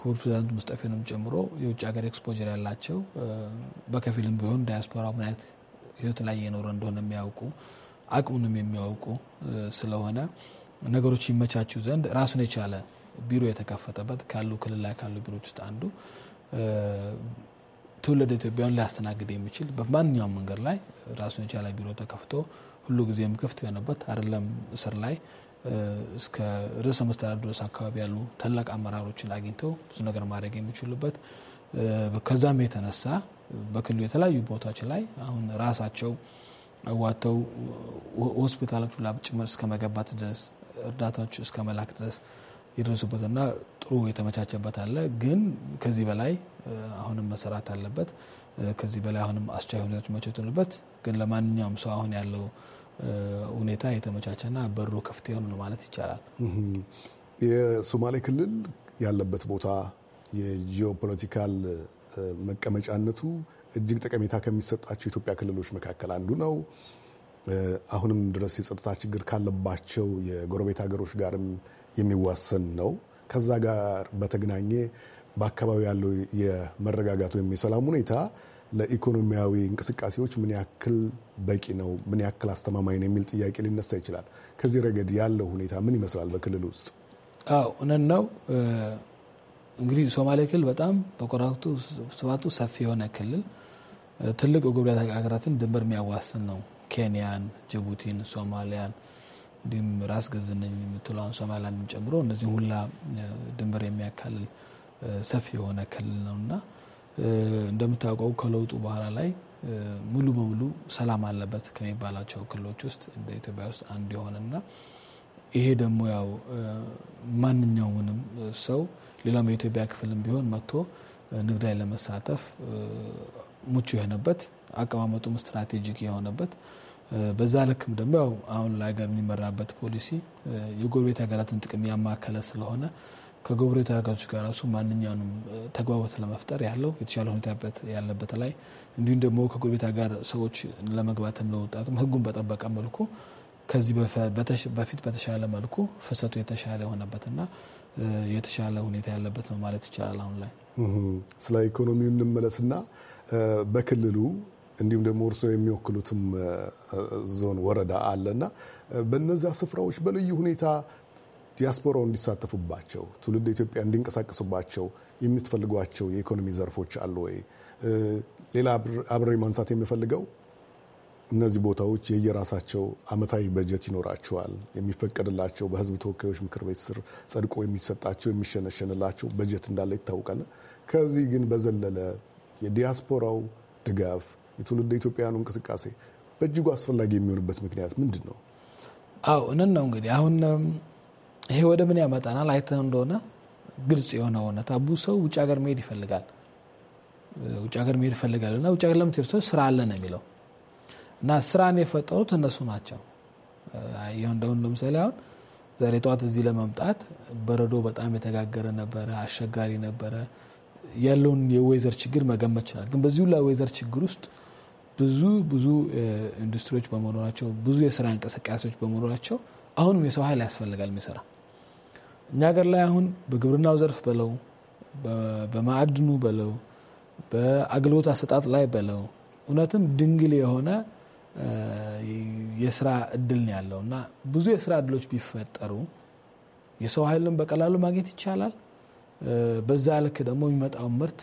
ክቡር ፕሬዚዳንቱ ሙስጠፌንም ጨምሮ የውጭ ሀገር ኤክስፖጀር ያላቸው በከፊልም ቢሆን ዳያስፖራ ምን አይነት ህይወት ላይ እየኖረ እንደሆነ የሚያውቁ አቅሙንም የሚያውቁ ስለሆነ ነገሮች ይመቻችው ዘንድ ራሱን የቻለ ቢሮ የተከፈተበት ካሉ ክልል ላይ ካሉ ቢሮዎች ውስጥ አንዱ ትውልድ ኢትዮጵያን ሊያስተናግድ የሚችል በማንኛውም መንገድ ላይ ራሱን የቻለ ቢሮ ተከፍቶ ሁሉ ጊዜም ክፍት የሆነበት አይደለም እስር ላይ እስከ ርዕሰ መስተዳድር ድረስ አካባቢ ያሉ ታላቅ አመራሮችን አግኝተው ብዙ ነገር ማድረግ የሚችሉበት ከዛም የተነሳ በክልሉ የተለያዩ ቦታዎች ላይ አሁን ራሳቸው አዋተው ሆስፒታሎቹ ላብ ጭምር እስከ መገባት ድረስ እርዳታዎች እስከ መላክ ድረስ የደረሱበትና ጥሩ የተመቻቸበት አለ። ግን ከዚህ በላይ አሁንም መሰራት አለበት። ከዚህ በላይ አሁንም አስቻይ ሁኔታዎች መቸትንበት ግን ለማንኛውም ሰው አሁን ያለው ሁኔታ የተመቻቸና በሩ ክፍት የሆነ ማለት ይቻላል። የሶማሌ ክልል ያለበት ቦታ የጂኦፖለቲካል መቀመጫነቱ እጅግ ጠቀሜታ ከሚሰጣቸው የኢትዮጵያ ክልሎች መካከል አንዱ ነው። አሁንም ድረስ የጸጥታ ችግር ካለባቸው የጎረቤት ሀገሮች ጋርም የሚዋሰን ነው። ከዛ ጋር በተገናኘ በአካባቢው ያለው የመረጋጋት ወይም የሰላም ሁኔታ ለኢኮኖሚያዊ እንቅስቃሴዎች ምን ያክል በቂ ነው፣ ምን ያክል አስተማማኝ ነው የሚል ጥያቄ ሊነሳ ይችላል። ከዚህ ረገድ ያለው ሁኔታ ምን ይመስላል በክልል ውስጥ? አዎ እውነት ነው። እንግዲህ ሶማሌ ክልል በጣም በቆራቱ ስፋቱ ሰፊ የሆነ ክልል ትልቅ የጎረቤት ሀገራትን ድንበር የሚያዋስን ነው። ኬንያን፣ ጅቡቲን፣ ሶማሊያን እንዲሁም ራስ ገዝነኝ የምትለውን ሶማሊያንም ጨምሮ እነዚህ ሁላ ድንበር የሚያካልል ሰፊ የሆነ ክልል ነው እና እንደምታውቀው ከለውጡ በኋላ ላይ ሙሉ በሙሉ ሰላም አለበት ከሚባላቸው ክልሎች ውስጥ እንደ ኢትዮጵያ ውስጥ አንዱ የሆነና ይሄ ደግሞ ያው ማንኛውንም ሰው ሌላውም የኢትዮጵያ ክፍልም ቢሆን መጥቶ ንግድ ላይ ለመሳተፍ ምቹ የሆነበት አቀማመጡም ስትራቴጂክ የሆነበት በዛ ልክም ደግሞ ያው አሁን ለሀገር የሚመራበት ፖሊሲ የጎረቤት ሀገራትን ጥቅም ያማከለ ስለሆነ ከጎረቤት ሀገሮች ጋር ራሱ ማንኛውንም ተግባቦት ለመፍጠር ያለው የተሻለ ሁኔታ ያለበት ላይ እንዲሁም ደግሞ ከጎረቤት ጋር ሰዎች ለመግባትም ለወጣቱም ህጉን በጠበቀ መልኩ ከዚህ በፊት በተሻለ መልኩ ፍሰቱ የተሻለ የሆነበትና የተሻለ ሁኔታ ያለበት ነው ማለት ይቻላል። አሁን ላይ ስለ ኢኮኖሚው እንመለስና በክልሉ እንዲሁም ደግሞ እርስዎ የሚወክሉትም ዞን ወረዳ አለና በነዚያ ስፍራዎች በልዩ ሁኔታ ዲያስፖራው እንዲሳተፉባቸው ትውልድ ኢትዮጵያ እንዲንቀሳቀሱባቸው የምትፈልጓቸው የኢኮኖሚ ዘርፎች አሉ ወይ? ሌላ አብሬ ማንሳት የሚፈልገው እነዚህ ቦታዎች የየራሳቸው አመታዊ በጀት ይኖራቸዋል። የሚፈቀድላቸው በህዝብ ተወካዮች ምክር ቤት ስር ጸድቆ የሚሰጣቸው የሚሸነሸንላቸው በጀት እንዳለ ይታወቃል። ከዚህ ግን በዘለለ የዲያስፖራው ድጋፍ የትውልድ ኢትዮጵያውያኑ እንቅስቃሴ በእጅጉ አስፈላጊ የሚሆንበት ምክንያት ምንድን ነው? አዎ እንን ነው እንግዲህ አሁን ይሄ ወደ ምን ያመጣናል? አይተ እንደሆነ ግልጽ የሆነ እውነት አቡ ሰው ውጭ ሀገር መሄድ ይፈልጋል ውጭ ሀገር መሄድ ይፈልጋል እና ውጭ ሀገር ለምትሄዱ ሰዎች ስራ አለ ነው የሚለው እና ስራን የፈጠሩት እነሱ ናቸው። ይሄ እንደሁን ለምሳሌ አሁን ዛሬ ጠዋት እዚህ ለመምጣት በረዶ በጣም የተጋገረ ነበረ፣ አስቸጋሪ ነበረ። ያለውን የወይዘር ችግር መገመት ይችላል። ግን በዚሁ ለወይዘር ችግር ውስጥ ብዙ ብዙ ኢንዱስትሪዎች በመኖራቸው ብዙ የስራ እንቅስቃሴዎች በመኖራቸው አሁንም የሰው ኃይል ያስፈልጋል የሚሰራ እኛ ሀገር ላይ አሁን በግብርናው ዘርፍ በለው በማዕድኑ በለው በአገልግሎት አሰጣጥ ላይ በለው እውነትም ድንግል የሆነ የስራ እድል ነው ያለው እና ብዙ የስራ እድሎች ቢፈጠሩ የሰው ኃይልን በቀላሉ ማግኘት ይቻላል። በዛ ልክ ደግሞ የሚመጣው ምርት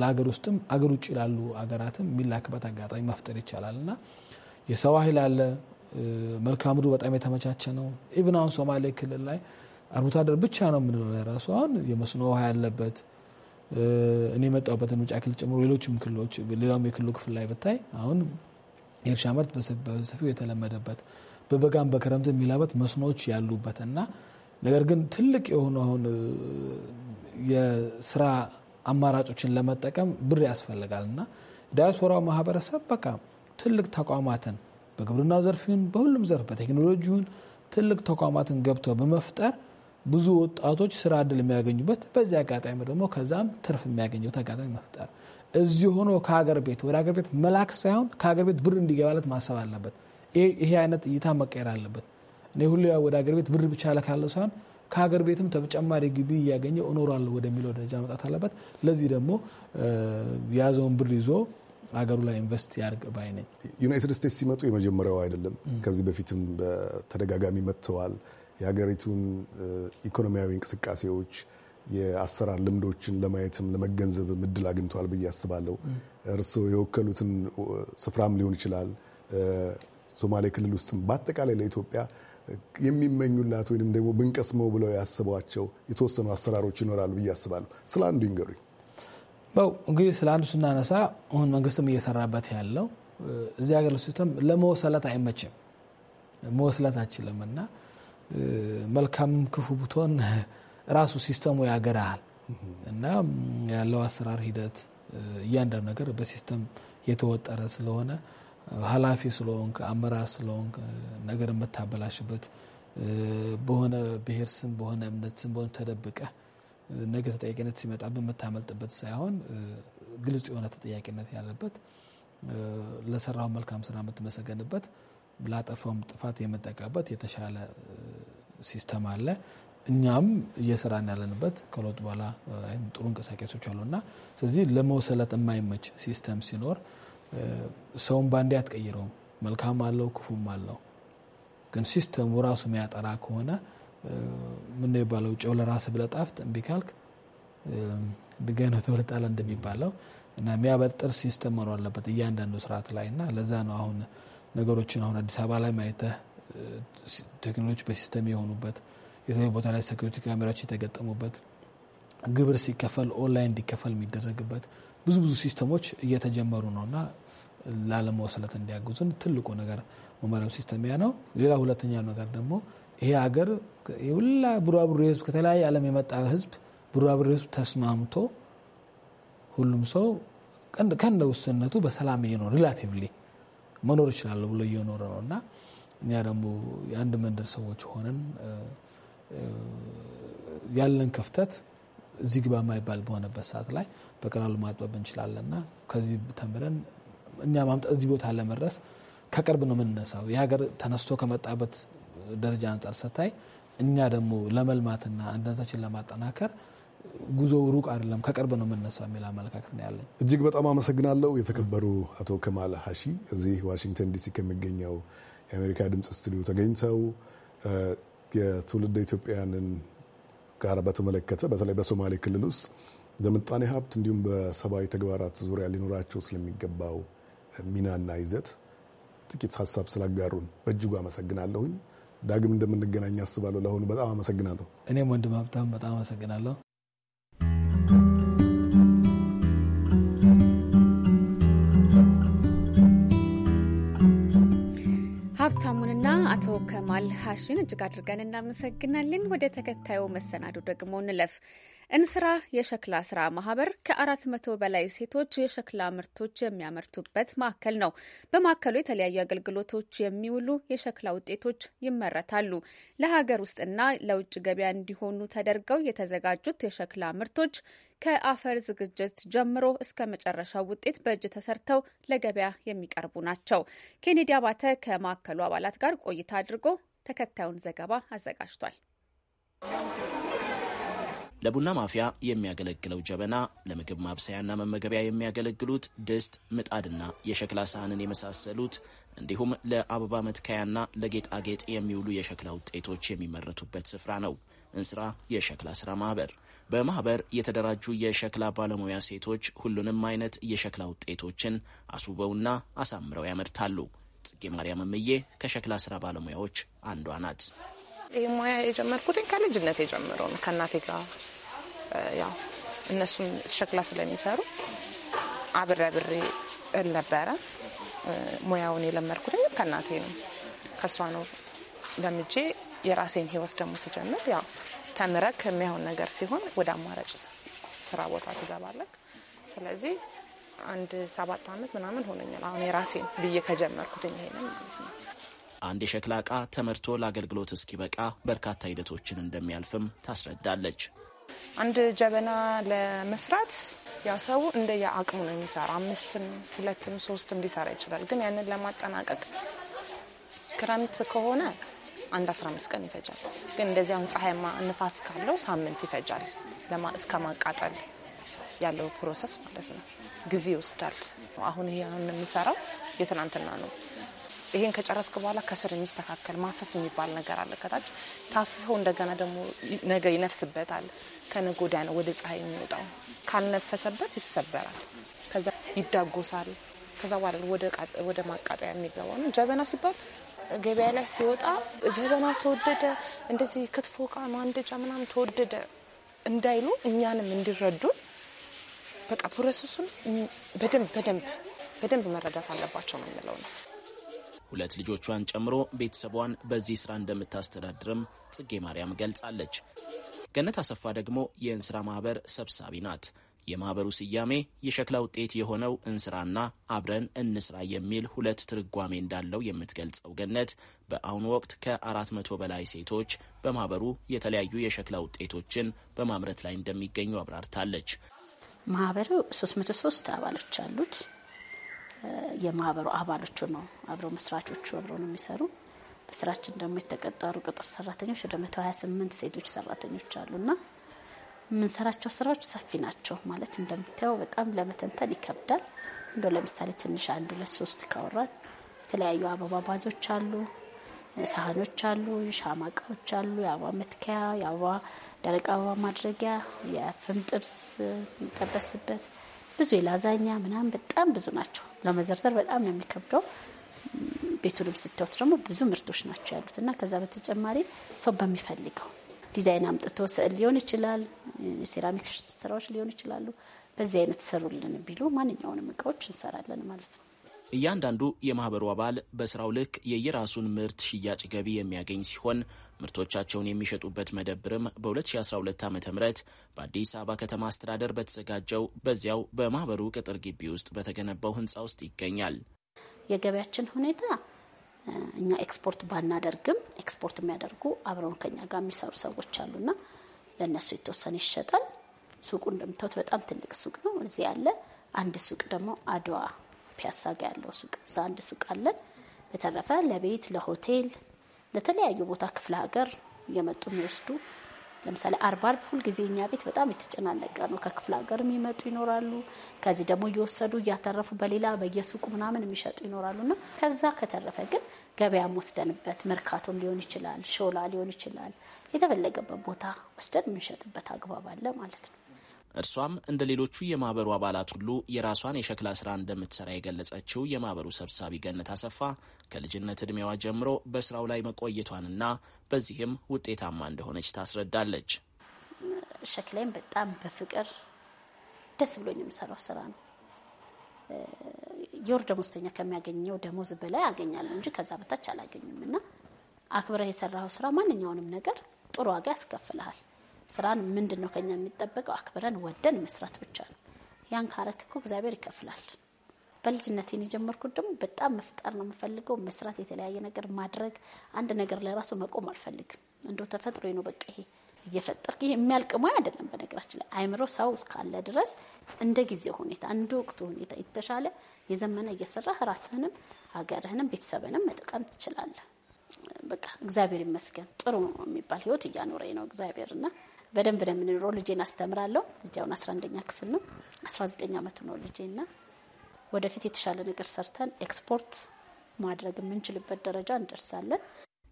ለሀገር ውስጥም አገር ውጭ ላሉ ሀገራትም የሚላክበት አጋጣሚ መፍጠር ይቻላል እና የሰው ኃይል አለ። መልክዓ በጣም የተመቻቸ ነው። ኢቭን አሁን ሶማሌ ክልል ላይ አርብቶ አደር ብቻ ነው የምንለው ራሱ አሁን የመስኖ ውሃ ያለበት እኔ የመጣሁበትን ምርጫ ክልል ጨምሮ ሌሎችም ክልሎች ሌላም የክልሉ ክፍል ላይ ብታይ አሁን የእርሻ ምርት በሰፊው የተለመደበት በበጋም በክረምት የሚላበት መስኖዎች ያሉበት እና ነገር ግን ትልቅ የሆኑ አሁን የስራ አማራጮችን ለመጠቀም ብር ያስፈልጋል እና ዳያስፖራው ማህበረሰብ በቃ ትልቅ ተቋማትን በግብርናው ዘርፍ ይሁን በሁሉም ዘርፍ በቴክኖሎጂ ይሁን ትልቅ ተቋማትን ገብተው በመፍጠር ብዙ ወጣቶች ስራ እድል የሚያገኙበት በዚህ አጋጣሚ ደግሞ ከዛም ትርፍ የሚያገኙበት አጋጣሚ መፍጠር እዚህ ሆኖ ከሀገር ቤት ወደ ሀገር ቤት መላክ ሳይሆን ከሀገር ቤት ብር እንዲገባለት ማሰብ አለበት። ይሄ አይነት እይታ መቀየር አለበት። እኔ ሁሌ ወደ ሀገር ቤት ብር ብቻ እልካለሁ ሳይሆን ከሀገር ቤትም ተጨማሪ ግቢ እያገኘ እኖራለሁ ወደሚለው ደረጃ መጣት አለበት። ለዚህ ደግሞ የያዘውን ብር ይዞ አገሩ ላይ ኢንቨስት ያርግ ባይ ነኝ። ዩናይትድ ስቴትስ ሲመጡ የመጀመሪያው አይደለም። ከዚህ በፊትም በተደጋጋሚ መጥተዋል። የሀገሪቱን ኢኮኖሚያዊ እንቅስቃሴዎች የአሰራር ልምዶችን ለማየትም ለመገንዘብ እድል አግኝተዋል ብዬ አስባለሁ። እርስዎ የወከሉትን ስፍራም ሊሆን ይችላል ሶማሌ ክልል ውስጥም በአጠቃላይ ለኢትዮጵያ የሚመኙላት ወይም ደግሞ ብንቀስመው ብለው ያስቧቸው የተወሰኑ አሰራሮች ይኖራሉ ብዬ አስባለሁ። ስለ አንዱ ይንገሩኝ። እንግዲህ ስለ አንዱ ስናነሳ አሁን መንግስትም እየሰራበት ያለው እዚህ ሀገር ሲስተም ለመወሰለት አይመችም፣ መወስለት አችልም እና መልካም ክፉ ብትሆን ራሱ ሲስተሙ ያገራሃል እና ያለው አሰራር ሂደት እያንዳንዱ ነገር በሲስተም የተወጠረ ስለሆነ ኃላፊ ስለሆንክ አመራር ስለሆንክ ነገር የምታበላሽበት በሆነ ብሔር ስም በሆነ እምነት ስም በሆነ ተደብቀ ነገ ተጠያቂነት ሲመጣ በምታመልጥበት ሳይሆን ግልጽ የሆነ ተጠያቂነት ያለበት ለሰራው መልካም ስራ የምትመሰገንበት ላጠፈውም ጥፋት የምጠቀበት የተሻለ ሲስተም አለ። እኛም እየሰራን ያለንበት ከለውጥ በኋላ ጥሩ እንቅስቃሴዎች አሉና፣ ስለዚህ ለመውሰለት የማይመች ሲስተም ሲኖር ሰውን በአንዴ አትቀይረውም። መልካም አለው፣ ክፉም አለው። ግን ሲስተሙ ራሱ የሚያጠራ ከሆነ ምን ይባለው፣ ጨው ለራስ ብለጣፍት ጣፍጥ እምቢ ካልክ ድንጋይ ነው እንደሚባለው እና የሚያበጥር ሲስተም መኖር አለበት እያንዳንዱ ስርዓት ላይ እና ለዛ ነው አሁን ነገሮችን አሁን አዲስ አበባ ላይ ማየተ ቴክኖሎጂ በሲስተም የሆኑበት የተለያዩ ቦታ ላይ ሴኩሪቲ ካሜራዎች የተገጠሙበት ግብር ሲከፈል ኦንላይን እንዲከፈል የሚደረግበት ብዙ ብዙ ሲስተሞች እየተጀመሩ ነው እና ላለመወሰለት እንዲያግዙን ትልቁ ነገር መመሪያም ሲስተም ያ ነው። ሌላ ሁለተኛ ነገር ደግሞ ይሄ ሀገር ሁላ ቡራቡሬ ህዝብ ከተለያየ ዓለም የመጣ ህዝብ ቡራቡሬ ህዝብ ተስማምቶ ሁሉም ሰው ከእንደ ውስንነቱ በሰላም እየኖር ሪላቲቭሊ መኖር እችላለሁ ብሎ እየኖረ ነው እና እኛ ደግሞ የአንድ መንደር ሰዎች ሆነን ያለን ክፍተት እዚህ ግባ የማይባል በሆነበት ሰዓት ላይ በቀላሉ ማጥበብ እንችላለን እና ከዚህ ተምረን እኛ ማምጣት እዚህ ቦታ ለመድረስ ከቅርብ ነው የምንነሳው። የሀገር ተነስቶ ከመጣበት ደረጃ አንጻር ስታይ እኛ ደግሞ ለመልማትና አንድነታችን ለማጠናከር ጉዞ ሩቅ አይደለም፣ ከቅርብ ነው የምነሳው የሚል አመለካከት ነው ያለኝ። እጅግ በጣም አመሰግናለሁ የተከበሩ አቶ ከማል ሀሺ እዚህ ዋሽንግተን ዲሲ ከሚገኘው የአሜሪካ ድምፅ ስቱዲዮ ተገኝተው የትውልድ ኢትዮጵያውያንን ጋር በተመለከተ በተለይ በሶማሌ ክልል ውስጥ በምጣኔ ሀብት እንዲሁም በሰብአዊ ተግባራት ዙሪያ ሊኖራቸው ስለሚገባው ሚናና ይዘት ጥቂት ሀሳብ ስላጋሩን በእጅጉ አመሰግናለሁኝ። ዳግም እንደምንገናኝ አስባለሁ። ለአሁኑ በጣም አመሰግናለሁ። እኔም ወንድም ሀብታም በጣም አመሰግናለሁ። አቶ ከማል ሀሽን እጅግ አድርገን እናመሰግናለን። ወደ ተከታዩ መሰናዱ ደግሞ እንለፍ። እንስራ የሸክላ ስራ ማህበር ከአራት መቶ በላይ ሴቶች የሸክላ ምርቶች የሚያመርቱበት ማዕከል ነው። በማዕከሉ የተለያዩ አገልግሎቶች የሚውሉ የሸክላ ውጤቶች ይመረታሉ። ለሀገር ውስጥና ለውጭ ገበያ እንዲሆኑ ተደርገው የተዘጋጁት የሸክላ ምርቶች ከአፈር ዝግጅት ጀምሮ እስከ መጨረሻው ውጤት በእጅ ተሰርተው ለገበያ የሚቀርቡ ናቸው። ኬኔዲ አባተ ከማዕከሉ አባላት ጋር ቆይታ አድርጎ ተከታዩን ዘገባ አዘጋጅቷል። ለቡና ማፍያ የሚያገለግለው ጀበና፣ ለምግብ ማብሰያና መመገቢያ የሚያገለግሉት ድስት፣ ምጣድና የሸክላ ሳህንን የመሳሰሉት እንዲሁም ለአበባ መትከያና ለጌጣጌጥ የሚውሉ የሸክላ ውጤቶች የሚመረቱበት ስፍራ ነው። እንስራ የሸክላ ስራ ማህበር በማህበር የተደራጁ የሸክላ ባለሙያ ሴቶች ሁሉንም አይነት የሸክላ ውጤቶችን አስውበውና አሳምረው ያመርታሉ። ጽጌ ማርያም እምዬ ከሸክላ ስራ ባለሙያዎች አንዷ ናት። ይህ ሙያ የጀመርኩትኝ ከልጅነት የጀምሮ ነው። ከእናቴ ጋር ያው እነሱም ሸክላ ስለሚሰሩ አብሬ አብሬ እል ነበረ። ሙያውን የለመድኩትኝ ከእናቴ ነው፣ ከእሷ ነው ለምጄ የራሴን ህይወት ደግሞ ስጀምር ያው ተምረክ የሚሆን ነገር ሲሆን ወደ አማራጭ ስራ ቦታ ትገባለክ። ስለዚህ አንድ ሰባት አመት ምናምን ሆነኛል አሁን የራሴን ብዬ ከጀመርኩትኝ ይሄንን ማለት ነው። አንድ የሸክላ ዕቃ ተመርቶ ለአገልግሎት እስኪበቃ በርካታ ሂደቶችን እንደሚያልፍም ታስረዳለች። አንድ ጀበና ለመስራት ያው ሰው እንደ የአቅሙ ነው የሚሰራ። አምስትም ሁለትም ሶስትም ሊሰራ ይችላል። ግን ያንን ለማጠናቀቅ ክረምት ከሆነ አንድ 15 ቀን ይፈጃል። ግን እንደዚህ አሁን ፀሐይማ ንፋስ ካለው ሳምንት ይፈጃል እስከ ማቃጠል ያለው ፕሮሰስ ማለት ነው። ጊዜ ይወስዳል። አሁን ይሄ አሁን የትናንትና ነው። ይሄን ከጨረስክ በኋላ ከስር የሚስተካከል ማፈፍ የሚባል ነገር አለ። ከታች ታፍፎ እንደገና ደግሞ ነገ ይነፍስበታል። ከነገ ወዲያ ነው ወደ ፀሐይ የሚወጣው። ካልነፈሰበት ይሰበራል፣ ከዛ ይዳጎሳል። ከዛ በኋላ ወደ ማቃጠያ የሚገባው ነው። ጀበና ሲባል ገበያ ላይ ሲወጣ ጀበና ተወደደ፣ እንደዚህ ክትፎ እቃ ማንደጃ ምናምን ተወደደ እንዳይሉ እኛንም እንዲረዱን በቃ ፕሮሰሱን በደንብ በደንብ በደንብ መረዳት አለባቸው ነው የምለው ነው። ሁለት ልጆቿን ጨምሮ ቤተሰቧን በዚህ ስራ እንደምታስተዳድርም ጽጌ ማርያም ገልጻለች። ገነት አሰፋ ደግሞ የእንስራ ማህበር ሰብሳቢ ናት። የማህበሩ ስያሜ የሸክላ ውጤት የሆነው እንስራና አብረን እንስራ የሚል ሁለት ትርጓሜ እንዳለው የምትገልጸው ገነት በአሁኑ ወቅት ከአራት መቶ በላይ ሴቶች በማህበሩ የተለያዩ የሸክላ ውጤቶችን በማምረት ላይ እንደሚገኙ አብራርታለች። ማህበሩ 303 አባሎች አሉት። የማህበሩ አባሎቹ ነው አብረው መስራቾቹ አብረው ነው የሚሰሩ። በስራችን ደግሞ የተቀጠሩ ቅጥር ሰራተኞች ወደ 128 ሴቶች ሰራተኞች አሉና የምንሰራቸው ስራዎች ሰፊ ናቸው። ማለት እንደምታየው በጣም ለመተንተን ይከብዳል። እንደ ለምሳሌ ትንሽ አንድ ሁለት ሶስት ካወራል የተለያዩ አበባ ባዞች አሉ፣ ሳህኖች አሉ፣ ሻማ እቃዎች አሉ፣ የአበባ መትከያ፣ የአበባ ደረቅ አበባ ማድረጊያ፣ የፍም ጥብስ የሚጠበስበት ብዙ የላዛኛ ምናምን በጣም ብዙ ናቸው። ለመዘርዘር በጣም ነው የሚከብደው። ቤቱንም ስታዩት ደግሞ ብዙ ምርቶች ናቸው ያሉት እና ከዛ በተጨማሪ ሰው በሚፈልገው ዲዛይን አምጥቶ ስዕል ሊሆን ይችላል፣ የሴራሚክ ስራዎች ሊሆን ይችላሉ። በዚህ አይነት ሰሩልን ቢሉ ማንኛውንም እቃዎች እንሰራለን ማለት ነው። እያንዳንዱ የማህበሩ አባል በስራው ልክ የየራሱን ምርት ሽያጭ ገቢ የሚያገኝ ሲሆን ምርቶቻቸውን የሚሸጡበት መደብርም በ2012 ዓ ም በአዲስ አበባ ከተማ አስተዳደር በተዘጋጀው በዚያው በማህበሩ ቅጥር ግቢ ውስጥ በተገነባው ህንፃ ውስጥ ይገኛል። የገበያችን ሁኔታ እኛ ኤክስፖርት ባናደርግም ኤክስፖርት የሚያደርጉ አብረውን ከኛ ጋር የሚሰሩ ሰዎች አሉና ለእነሱ የተወሰነ ይሸጣል። ሱቁ እንደምታዩት በጣም ትልቅ ሱቅ ነው። እዚህ ያለ አንድ ሱቅ ደግሞ አድዋ ፒያሳ ጋ ያለው ሱቅ አንድ ሱቅ አለን። በተረፈ ለቤት ለሆቴል፣ ለተለያዩ ቦታ ክፍለ ሀገር እየመጡ የሚወስዱ ለምሳሌ አርባ አርብ ሁልጊዜ እኛ ቤት በጣም የተጨናነቀ ነው። ከክፍለ ሀገር የሚመጡ ይኖራሉ። ከዚህ ደግሞ እየወሰዱ እያተረፉ በሌላ በየሱቁ ምናምን የሚሸጡ ይኖራሉና ከዛ ከተረፈ ግን ገበያም ወስደንበት መርካቶም ሊሆን ይችላል፣ ሾላ ሊሆን ይችላል፣ የተፈለገበት ቦታ ወስደን የምንሸጥበት አግባብ አለ ማለት ነው። እርሷም እንደ ሌሎቹ የማህበሩ አባላት ሁሉ የራሷን የሸክላ ስራ እንደምትሰራ የገለጸችው የማህበሩ ሰብሳቢ ገነት አሰፋ ከልጅነት ዕድሜዋ ጀምሮ በስራው ላይ መቆየቷንና በዚህም ውጤታማ እንደሆነች ታስረዳለች። ሸክላይም በጣም በፍቅር ደስ ብሎኝ የምሰራው ስራ ነው። የወር ደሞዝተኛ ከሚያገኘው ደሞዝ በላይ አገኛለሁ እንጂ ከዛ በታች አላገኝም እና አክብረህ የሰራኸው ስራ ማንኛውንም ነገር ጥሩ ዋጋ ያስከፍልሃል። ስራን ምንድን ነው ከኛ የሚጠበቀው? አክብረን ወደን መስራት ብቻ ነው። ያን ካረክ እግዚአብሔር ይከፍላል። በልጅነት የጀመርኩት ደግሞ በጣም መፍጠር ነው የምፈልገው፣ መስራት፣ የተለያየ ነገር ማድረግ። አንድ ነገር ላይ ራሱ መቆም አልፈልግም። እንደ ተፈጥሮ ነው በቃ ይሄ እየፈጠርክ ይሄ የሚያልቅ ሙያ አይደለም። በነገራችን ላይ አይምሮ ሰው እስካለ ድረስ እንደ ጊዜ ሁኔታ፣ እንደ ወቅቱ ሁኔታ የተሻለ የዘመነ እየሰራህ ራስህንም ሀገርህንም ቤተሰብንም መጥቀም ትችላለህ። በቃ እግዚአብሔር ይመስገን ጥሩ የሚባል ህይወት እያኖረኝ ነው እግዚአብሔርና በደንብ ነው የምንኖረው። ልጄን አስተምራለሁ። ልጄ አሁን አስራ አንደኛ ክፍል ነው። አስራ ዘጠኝ አመቱ ነው ና ወደፊት የተሻለ ነገር ሰርተን ኤክስፖርት ማድረግ የምንችልበት ደረጃ እንደርሳለን።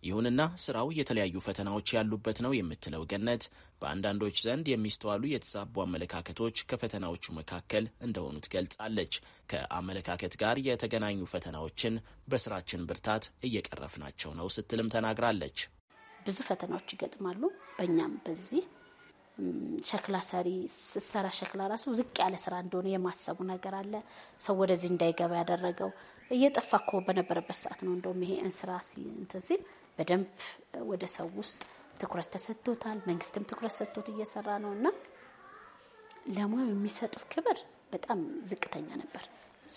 ይሁንና ስራው የተለያዩ ፈተናዎች ያሉበት ነው የምትለው ገነት በአንዳንዶች ዘንድ የሚስተዋሉ የተዛቡ አመለካከቶች ከፈተናዎቹ መካከል እንደሆኑ ትገልጻለች። ከአመለካከት ጋር የተገናኙ ፈተናዎችን በስራችን ብርታት እየቀረፍናቸው ነው ስትልም ተናግራለች። ብዙ ፈተናዎች ይገጥማሉ። በእኛም በዚህ ሸክላ ሰሪ ስሰራ ሸክላ ራሱ ዝቅ ያለ ስራ እንደሆነ የማሰቡ ነገር አለ። ሰው ወደዚህ እንዳይገባ ያደረገው እየጠፋ እኮ በነበረበት ሰዓት ነው። እንደውም ይሄ እንስራ እንትን ሲል በደንብ ወደ ሰው ውስጥ ትኩረት ተሰጥቶታል። መንግስትም ትኩረት ሰጥቶት እየሰራ ነው እና ለሙያው የሚሰጡት ክብር በጣም ዝቅተኛ ነበር።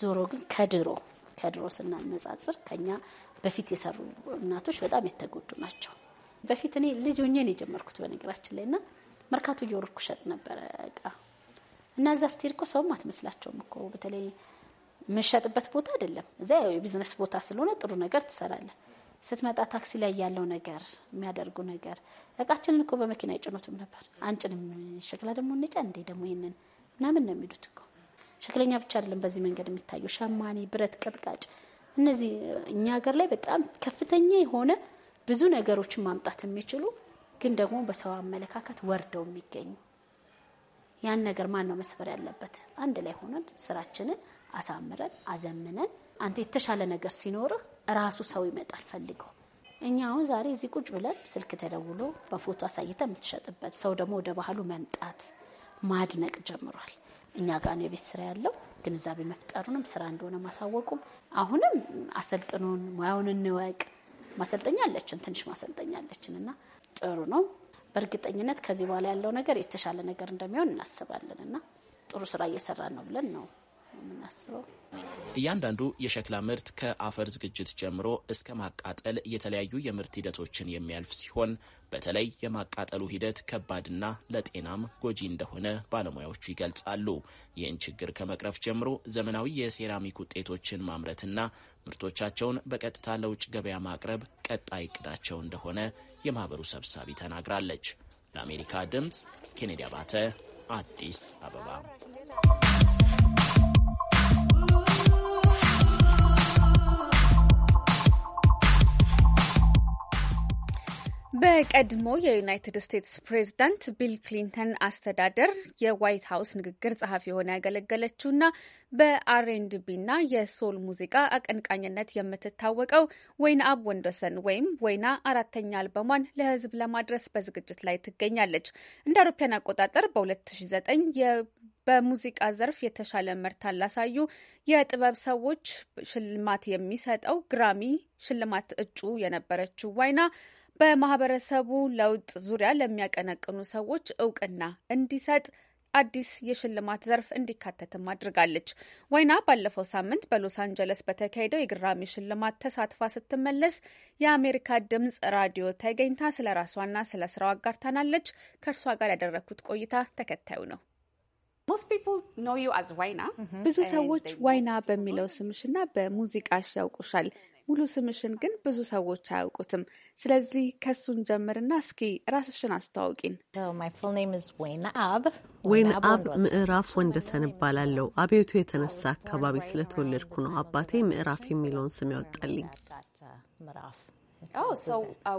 ዞሮ ግን ከድሮ ከድሮ ስናነጻጽር ከኛ በፊት የሰሩ እናቶች በጣም የተጎዱ ናቸው። በፊት እኔ ልጅ ሆኜ ነው የጀመርኩት በነገራችን ላይ ና መርካቶ እየወረድኩ ሸጥ ነበረ እቃ እና እዛ ስትሄድ እኮ ሰውም አትመስላቸውም እኮ በተለይ የምንሸጥበት ቦታ አይደለም። እዚያ የቢዝነስ ቦታ ስለሆነ ጥሩ ነገር ትሰራለህ። ስትመጣ ታክሲ ላይ ያለው ነገር የሚያደርጉ ነገር እቃችንን እኮ በመኪና ይጭኑትም ነበር። አንጭንም ሸክላ ደግሞ እንጫ እንዴ ደግሞ ይህንን ምናምን ነው የሚሉት እኮ። ሸክለኛ ብቻ አይደለም በዚህ መንገድ የሚታየው ሸማኔ፣ ብረት ቀጥቃጭ፣ እነዚህ እኛ ሀገር ላይ በጣም ከፍተኛ የሆነ ብዙ ነገሮችን ማምጣት የሚችሉ ግን ደግሞ በሰው አመለካከት ወርደው የሚገኙ ያን ነገር ማን ነው መስበር ያለበት? አንድ ላይ ሆነን ስራችንን አሳምረን አዘምነን አንተ የተሻለ ነገር ሲኖርህ ራሱ ሰው ይመጣል ፈልገው። እኛ አሁን ዛሬ እዚህ ቁጭ ብለን ስልክ ተደውሎ በፎቶ አሳይተ የምትሸጥበት ሰው ደግሞ ወደ ባህሉ መምጣት ማድነቅ ጀምሯል። እኛ ጋር ነው የቤት ስራ ያለው። ግንዛቤ መፍጠሩንም ስራ እንደሆነ ማሳወቁም አሁንም አሰልጥኑን ሙያውን እንወቅ። ማሰልጠኛ አለችን፣ ትንሽ ማሰልጠኛ አለችን እና ጥሩ ነው። በእርግጠኝነት ከዚህ በኋላ ያለው ነገር የተሻለ ነገር እንደሚሆን እናስባለን እና ጥሩ ስራ እየሰራ ነው ብለን ነው የምናስበው። እያንዳንዱ የሸክላ ምርት ከአፈር ዝግጅት ጀምሮ እስከ ማቃጠል የተለያዩ የምርት ሂደቶችን የሚያልፍ ሲሆን በተለይ የማቃጠሉ ሂደት ከባድና ለጤናም ጎጂ እንደሆነ ባለሙያዎቹ ይገልጻሉ። ይህን ችግር ከመቅረፍ ጀምሮ ዘመናዊ የሴራሚክ ውጤቶችን ማምረትና ምርቶቻቸውን በቀጥታ ለውጭ ገበያ ማቅረብ ቀጣይ እቅዳቸው እንደሆነ የማህበሩ ሰብሳቢ ተናግራለች። ለአሜሪካ ድምፅ ኬኔዲ አባተ አዲስ አበባ በቀድሞ የዩናይትድ ስቴትስ ፕሬዝዳንት ቢል ክሊንተን አስተዳደር የዋይት ሀውስ ንግግር ጸሐፊ ሆና ያገለገለችውና በአርኤንድቢና የሶል ሙዚቃ አቀንቃኝነት የምትታወቀው ወይን አብ ወንደሰን ወይም ወይና አራተኛ አልበሟን ለህዝብ ለማድረስ በዝግጅት ላይ ትገኛለች። እንደ አውሮፓውያን አቆጣጠር በ2009 በሙዚቃ ዘርፍ የተሻለ ምርታን ላሳዩ የጥበብ ሰዎች ሽልማት የሚሰጠው ግራሚ ሽልማት እጩ የነበረችው ዋይና በማህበረሰቡ ለውጥ ዙሪያ ለሚያቀነቅኑ ሰዎች እውቅና እንዲሰጥ አዲስ የሽልማት ዘርፍ እንዲካተትም አድርጋለች። ወይና ባለፈው ሳምንት በሎስ አንጀለስ በተካሄደው የግራሚ ሽልማት ተሳትፋ ስትመለስ የአሜሪካ ድምጽ ራዲዮ ተገኝታ ስለ ራሷና ስለ ስራው አጋርታናለች። ከእርሷ ጋር ያደረግኩት ቆይታ ተከታዩ ነው። ብዙ ሰዎች ዋይና በሚለው ስምሽና በሙዚቃሽ ያውቁሻል። ሙሉ ስምሽን ግን ብዙ ሰዎች አያውቁትም። ስለዚህ ከሱን ጀምርና እስኪ ራስሽን አስተዋውቂን። ወይን አብ ምዕራፍ ወንደሰን እባላለሁ። አብዮቱ የተነሳ አካባቢ ስለተወለድኩ ነው አባቴ ምዕራፍ የሚለውን ስም ያወጣልኝ። Oh, uh, ah.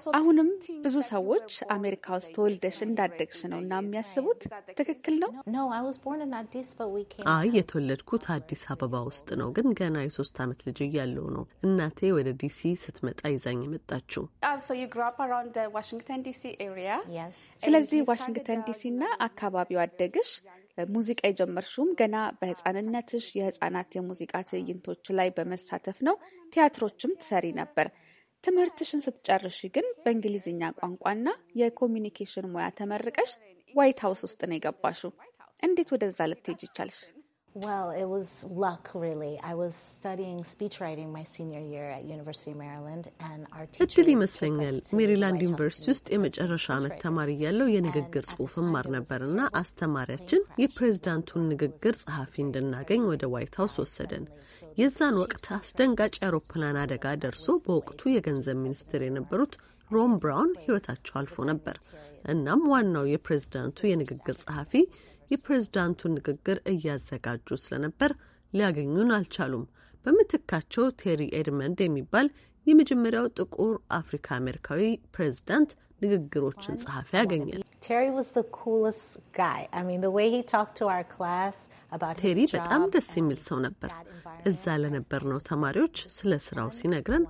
አሁንም ብዙ ሰዎች አሜሪካ ውስጥ ተወልደሽ እንዳደግሽ ነው እና የሚያስቡት ትክክል ነው? አይ የተወለድኩት አዲስ አበባ ውስጥ ነው፣ ግን ገና የሶስት ዓመት ልጅ እያለሁ ነው እናቴ ወደ ዲሲ ስትመጣ ይዛኝ የመጣችው። oh, ስለዚህ ዋሽንግተን ዲሲ እና አካባቢው አደግሽ? ሙዚቃ የጀመርሽውም ገና በህፃንነትሽ የህፃናት የሙዚቃ ትዕይንቶች ላይ በመሳተፍ ነው። ቲያትሮችም ትሰሪ ነበር። ትምህርትሽን ስትጨርሽ ግን በእንግሊዝኛ ቋንቋና የኮሚኒኬሽን ሙያ ተመርቀሽ ዋይት ሀውስ ውስጥ ነው የገባሽው። እንዴት ወደዛ ልትሄጅ ይቻልሽ? Well, it was luck, really. I was studying writing my senior year at University of Maryland, and our teacher እድል ይመስለኛል። ሜሪላንድ ዩኒቨርሲቲ ውስጥ የመጨረሻ ዓመት ተማሪ እያለሁ የንግግር ጽሑፍ እማር ነበርና አስተማሪያችን የፕሬዝዳንቱን ንግግር ጸሐፊ እንድናገኝ ወደ ዋይት ሀውስ ወሰደን። የዛን ወቅት አስደንጋጭ የአውሮፕላን አደጋ ደርሶ በወቅቱ የገንዘብ ሚኒስትር የነበሩት ሮም ብራውን ሕይወታቸው አልፎ ነበር። እናም ዋናው የፕሬዝዳንቱ የንግግር ጸሐፊ የፕሬዝዳንቱን ንግግር እያዘጋጁ ስለነበር ሊያገኙን አልቻሉም። በምትካቸው ቴሪ ኤድመንድ የሚባል የመጀመሪያው ጥቁር አፍሪካ አሜሪካዊ ፕሬዝዳንት ንግግሮችን ጸሐፊ ያገኛል። ቴሪ በጣም ደስ የሚል ሰው ነበር። እዛ ለነበርነው ተማሪዎች ስለ ስራው ሲነግረን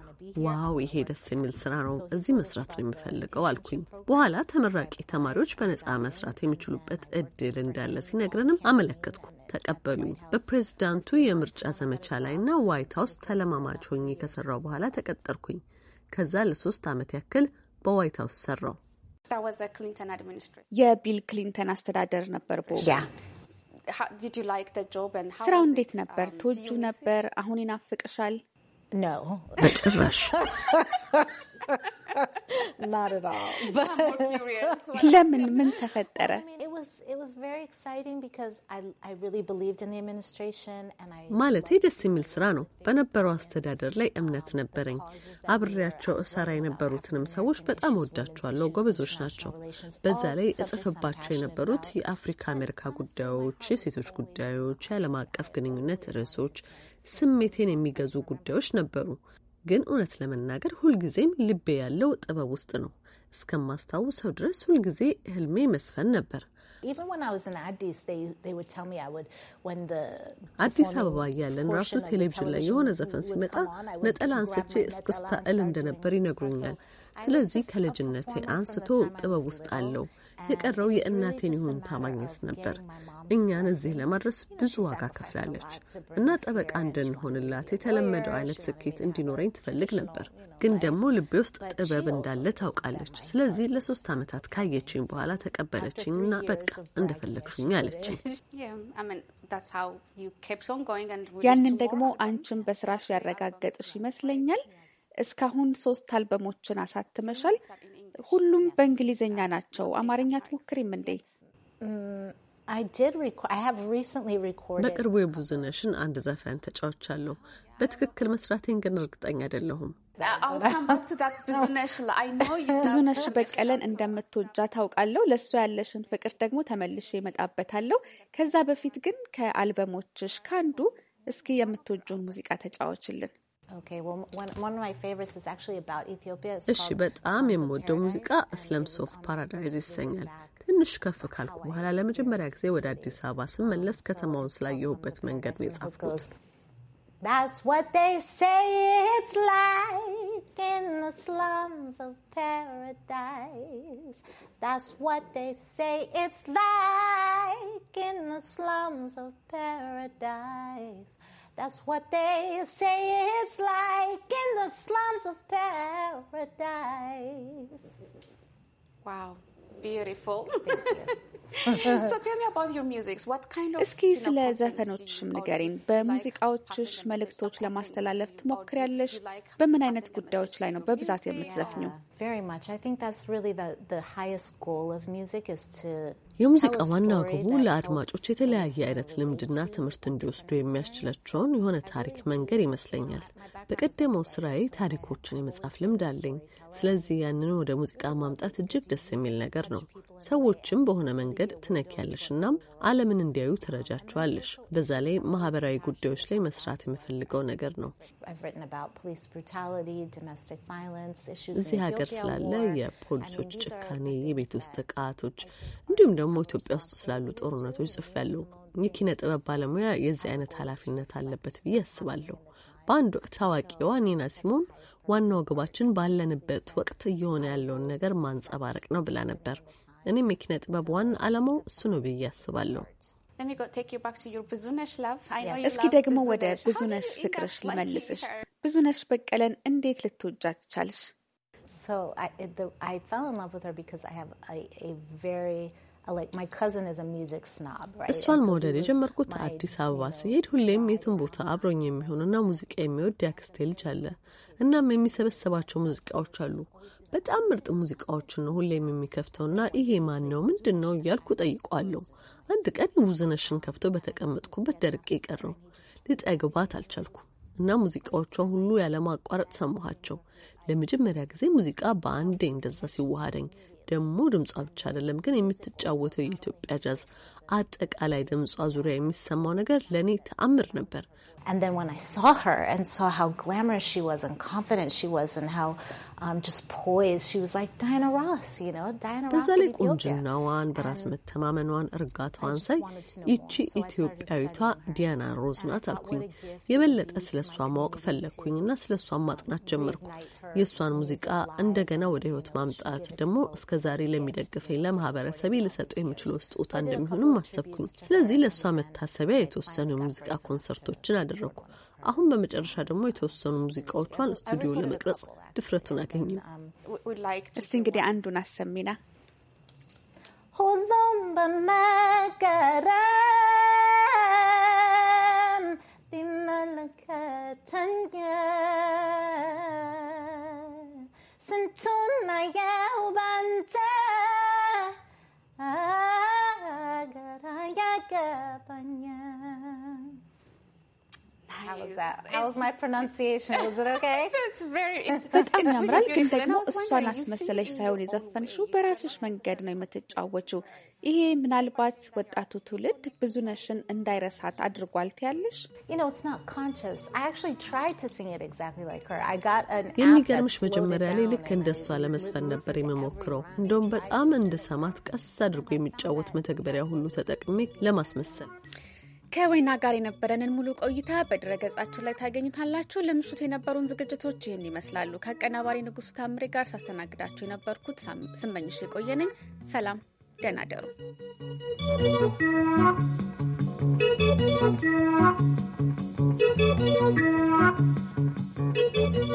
ዋው ይሄ ደስ የሚል ስራ ነው፣ እዚህ መስራት ነው የሚፈልገው አልኩኝ። በኋላ ተመራቂ ተማሪዎች በነፃ መስራት የሚችሉበት እድል እንዳለ ሲነግረንም አመለከትኩ። ተቀበሉኝ። በፕሬዝዳንቱ የምርጫ ዘመቻ ላይ እና ዋይት ሀውስ ተለማማች ሆኜ ከሰራው በኋላ ተቀጠርኩኝ። ከዛ ለሶስት ዓመት ያክል በዋይት ሀውስ ሰራው። የቢል ክሊንተን አስተዳደር ነበር። ያ ስራው እንዴት ነበር? Um, ትወጁ ነበር? አሁን ይናፍቅሻል? በጭራሽ ለምን ምን ተፈጠረ? ማለቴ ደስ የሚል ስራ ነው። በነበረው አስተዳደር ላይ እምነት um, ነበረኝ። አብሬያቸው እሰራ የነበሩትንም ሰዎች በጣም ወዳቸዋለሁ። ጎበዞች ናቸው። በዛ ላይ እጽፍባቸው የነበሩት የአፍሪካ አሜሪካ ጉዳዮች፣ የሴቶች ጉዳዮች፣ የዓለም አቀፍ ግንኙነት ርዕሶች፣ ስሜቴን የሚገዙ ጉዳዮች ነበሩ። ግን እውነት ለመናገር ሁልጊዜም ልቤ ያለው ጥበብ ውስጥ ነው። እስከማስታውሰው ድረስ ሁልጊዜ ህልሜ መስፈን ነበር። አዲስ አበባ እያለን ራሱ ቴሌቪዥን ላይ የሆነ ዘፈን ሲመጣ ነጠላ አንስቼ እስክስታ እል እንደነበር ይነግሩኛል። ስለዚህ ከልጅነቴ አንስቶ ጥበብ ውስጥ አለው። የቀረው የእናቴን ይሁንታ ማግኘት ነበር። እኛን እዚህ ለማድረስ ብዙ ዋጋ ከፍላለች እና ጠበቃ እንድንሆንላት የተለመደው አይነት ስኬት እንዲኖረኝ ትፈልግ ነበር። ግን ደግሞ ልቤ ውስጥ ጥበብ እንዳለ ታውቃለች። ስለዚህ ለሶስት ዓመታት ካየችኝ በኋላ ተቀበለችኝ እና በቃ እንደፈለግሽኝ አለችኝ። ያንን ደግሞ አንቺም በስራሽ ያረጋገጥሽ ይመስለኛል። እስካሁን ሶስት አልበሞችን አሳትመሻል። ሁሉም በእንግሊዝኛ ናቸው። አማርኛ ትሞክሪም እንዴ? በቅርቡ የቡዝነሽን አንድ ዘፈን ተጫውቻለሁ። በትክክል መስራቴን ግን እርግጠኛ አይደለሁም። ብዙነሽ በቀለን እንደምትወጃ ታውቃለሁ። ለእሱ ያለሽን ፍቅር ደግሞ ተመልሼ እመጣበታለሁ። ከዛ በፊት ግን ከአልበሞችሽ ከአንዱ እስኪ የምትወጁን ሙዚቃ ተጫዎችልን። እሺ፣ በጣም የምወደው ሙዚቃ ስለምስ ኦፍ ፓራዳይዝ ይሰኛል። ትንሽ ከፍ ካልኩ በኋላ ለመጀመሪያ ጊዜ ወደ አዲስ አበባ ስመለስ ከተማውን ስላየሁበት መንገድ ነው የጻፍኩት። That's what they say it's like in the slums of paradise. Wow, beautiful. እስኪ ስለ ዘፈኖችሽም ንገሪን። በሙዚቃዎችሽ መልእክቶች ለማስተላለፍ ትሞክሪያለሽ? በምን አይነት ጉዳዮች ላይ ነው በብዛት የምትዘፍኙ? very much. I think that's really the, the highest goal of music is to የሙዚቃ ዋናው ግቡ ለአድማጮች የተለያየ አይነት ልምድና ትምህርት እንዲወስዱ የሚያስችላቸውን የሆነ ታሪክ መንገድ ይመስለኛል። በቀደመው ስራዬ ታሪኮችን የመጻፍ ልምድ አለኝ። ስለዚህ ያንን ወደ ሙዚቃ ማምጣት እጅግ ደስ የሚል ነገር ነው። ሰዎችም በሆነ መንገድ ትነኪያለሽ፣ እናም ዓለምን እንዲያዩ ትረጃቸዋለሽ። በዛ ላይ ማህበራዊ ጉዳዮች ላይ መስራት የምፈልገው ነገር ነው። እዚህ ሀገር ስላለ የፖሊሶች ጭካኔ፣ የቤት ውስጥ ጥቃቶች እንዲሁም ደግሞ ኢትዮጵያ ውስጥ ስላሉ ጦርነቶች ጽፌያለሁ። የኪነ ጥበብ ባለሙያ የዚህ አይነት ኃላፊነት አለበት ብዬ አስባለሁ። በአንድ ወቅት ታዋቂዋ ኒና ሲሞን ዋናው ግባችን ባለንበት ወቅት እየሆነ ያለውን ነገር ማንጸባረቅ ነው ብላ ነበር። እኔም የኪነ ጥበብ ዋና ዓላማው እሱ ነው ብዬ አስባለሁ። እስኪ ደግሞ ወደ ብዙነሽ ፍቅርሽ ልመልስሽ። ብዙነሽ በቀለን እንዴት ልትወጃት ቻልሽ? so I, it, the, I fell in love with her because I have a, a very እሷን መውደድ የጀመርኩት አዲስ አበባ ስሄድ ሁሌም የትን ቦታ አብሮኝ የሚሆንና ሙዚቃ የሚወድ ያክስቴ ልጅ አለ። እናም የሚሰበሰባቸው ሙዚቃዎች አሉ። በጣም ምርጥ ሙዚቃዎችን ነው ሁሌም የሚከፍተውና ይሄ ማን ነው ምንድን ነው እያልኩ ጠይቋለሁ። አንድ ቀን የውዝነሽን ከፍቶ በተቀመጥኩበት ደርቄ ቀረው። ልጠግባት አልቻልኩም እና ሙዚቃዎቿን ሁሉ ያለማቋረጥ ሰማኋቸው። ለመጀመሪያ ጊዜ ሙዚቃ በአንዴ እንደዛ ሲዋሃደኝ ደግሞ ድምጿ ብቻ አይደለም ግን የምትጫወተው የኢትዮጵያ ጃዝ አጠቃላይ ድምጿ ዙሪያ የሚሰማው ነገር ለእኔ ተአምር ነበር። um, በዛ ላይ ቁንጅናዋን፣ በራስ መተማመኗን፣ እርጋታዋን ሳይ ይቺ ኢትዮጵያዊቷ ዲያና ሮዝ ናት አልኩኝ። የበለጠ ስለ እሷ ማወቅ ፈለግኩኝና ስለ እሷን ማጥናት ጀመርኩ። የእሷን ሙዚቃ እንደገና ወደ ህይወት ማምጣት ደግሞ እስከዛሬ ለሚደግፈኝ ለማህበረሰቤ ልሰጠው የምችለው ስጦታ እንደሚሆንም አሰብኩኝ። ስለዚህ ለእሷ መታሰቢያ የተወሰኑ የሙዚቃ ኮንሰርቶችን አደረግኩ። አሁን በመጨረሻ ደግሞ የተወሰኑ ሙዚቃዎቿን ስቱዲዮ ለመቅረጽ ድፍረቱን አገኘ። እስቲ እንግዲህ አንዱን አሰሚና ሁሉም በመገረም ቢመለከተኝ ስንቱን አየው ባንተ harapannya How was that? How was my pronunciation? Was it okay? በጣም ያምራል፣ ግን ደግሞ እሷን አስመሰለች ሳይሆን የዘፈንሽው በራስሽ መንገድ ነው የምትጫወችው። ይሄ ምናልባት ወጣቱ ትውልድ ብዙነሽን እንዳይረሳት አድርጓል ትያለሽ። የሚገርምሽ መጀመሪያ ላይ ልክ እንደሷ ለመስፈን ነበር የምሞክረው። እንደውም በጣም እንድሰማት ቀስ አድርጎ የሚጫወት መተግበሪያ ሁሉ ተጠቅሜ ለማስመሰል ከወይና ጋር የነበረንን ሙሉ ቆይታ በድረገጻችን ላይ ታገኙታላችሁ። ለምሽቱ የነበሩን ዝግጅቶች ይህን ይመስላሉ። ከአቀናባሪ ንጉሱ ታምሬ ጋር ሳስተናግዳችሁ የነበርኩት ስመኝሽ የቆየንኝ። ሰላም፣ ደህና ደሩ።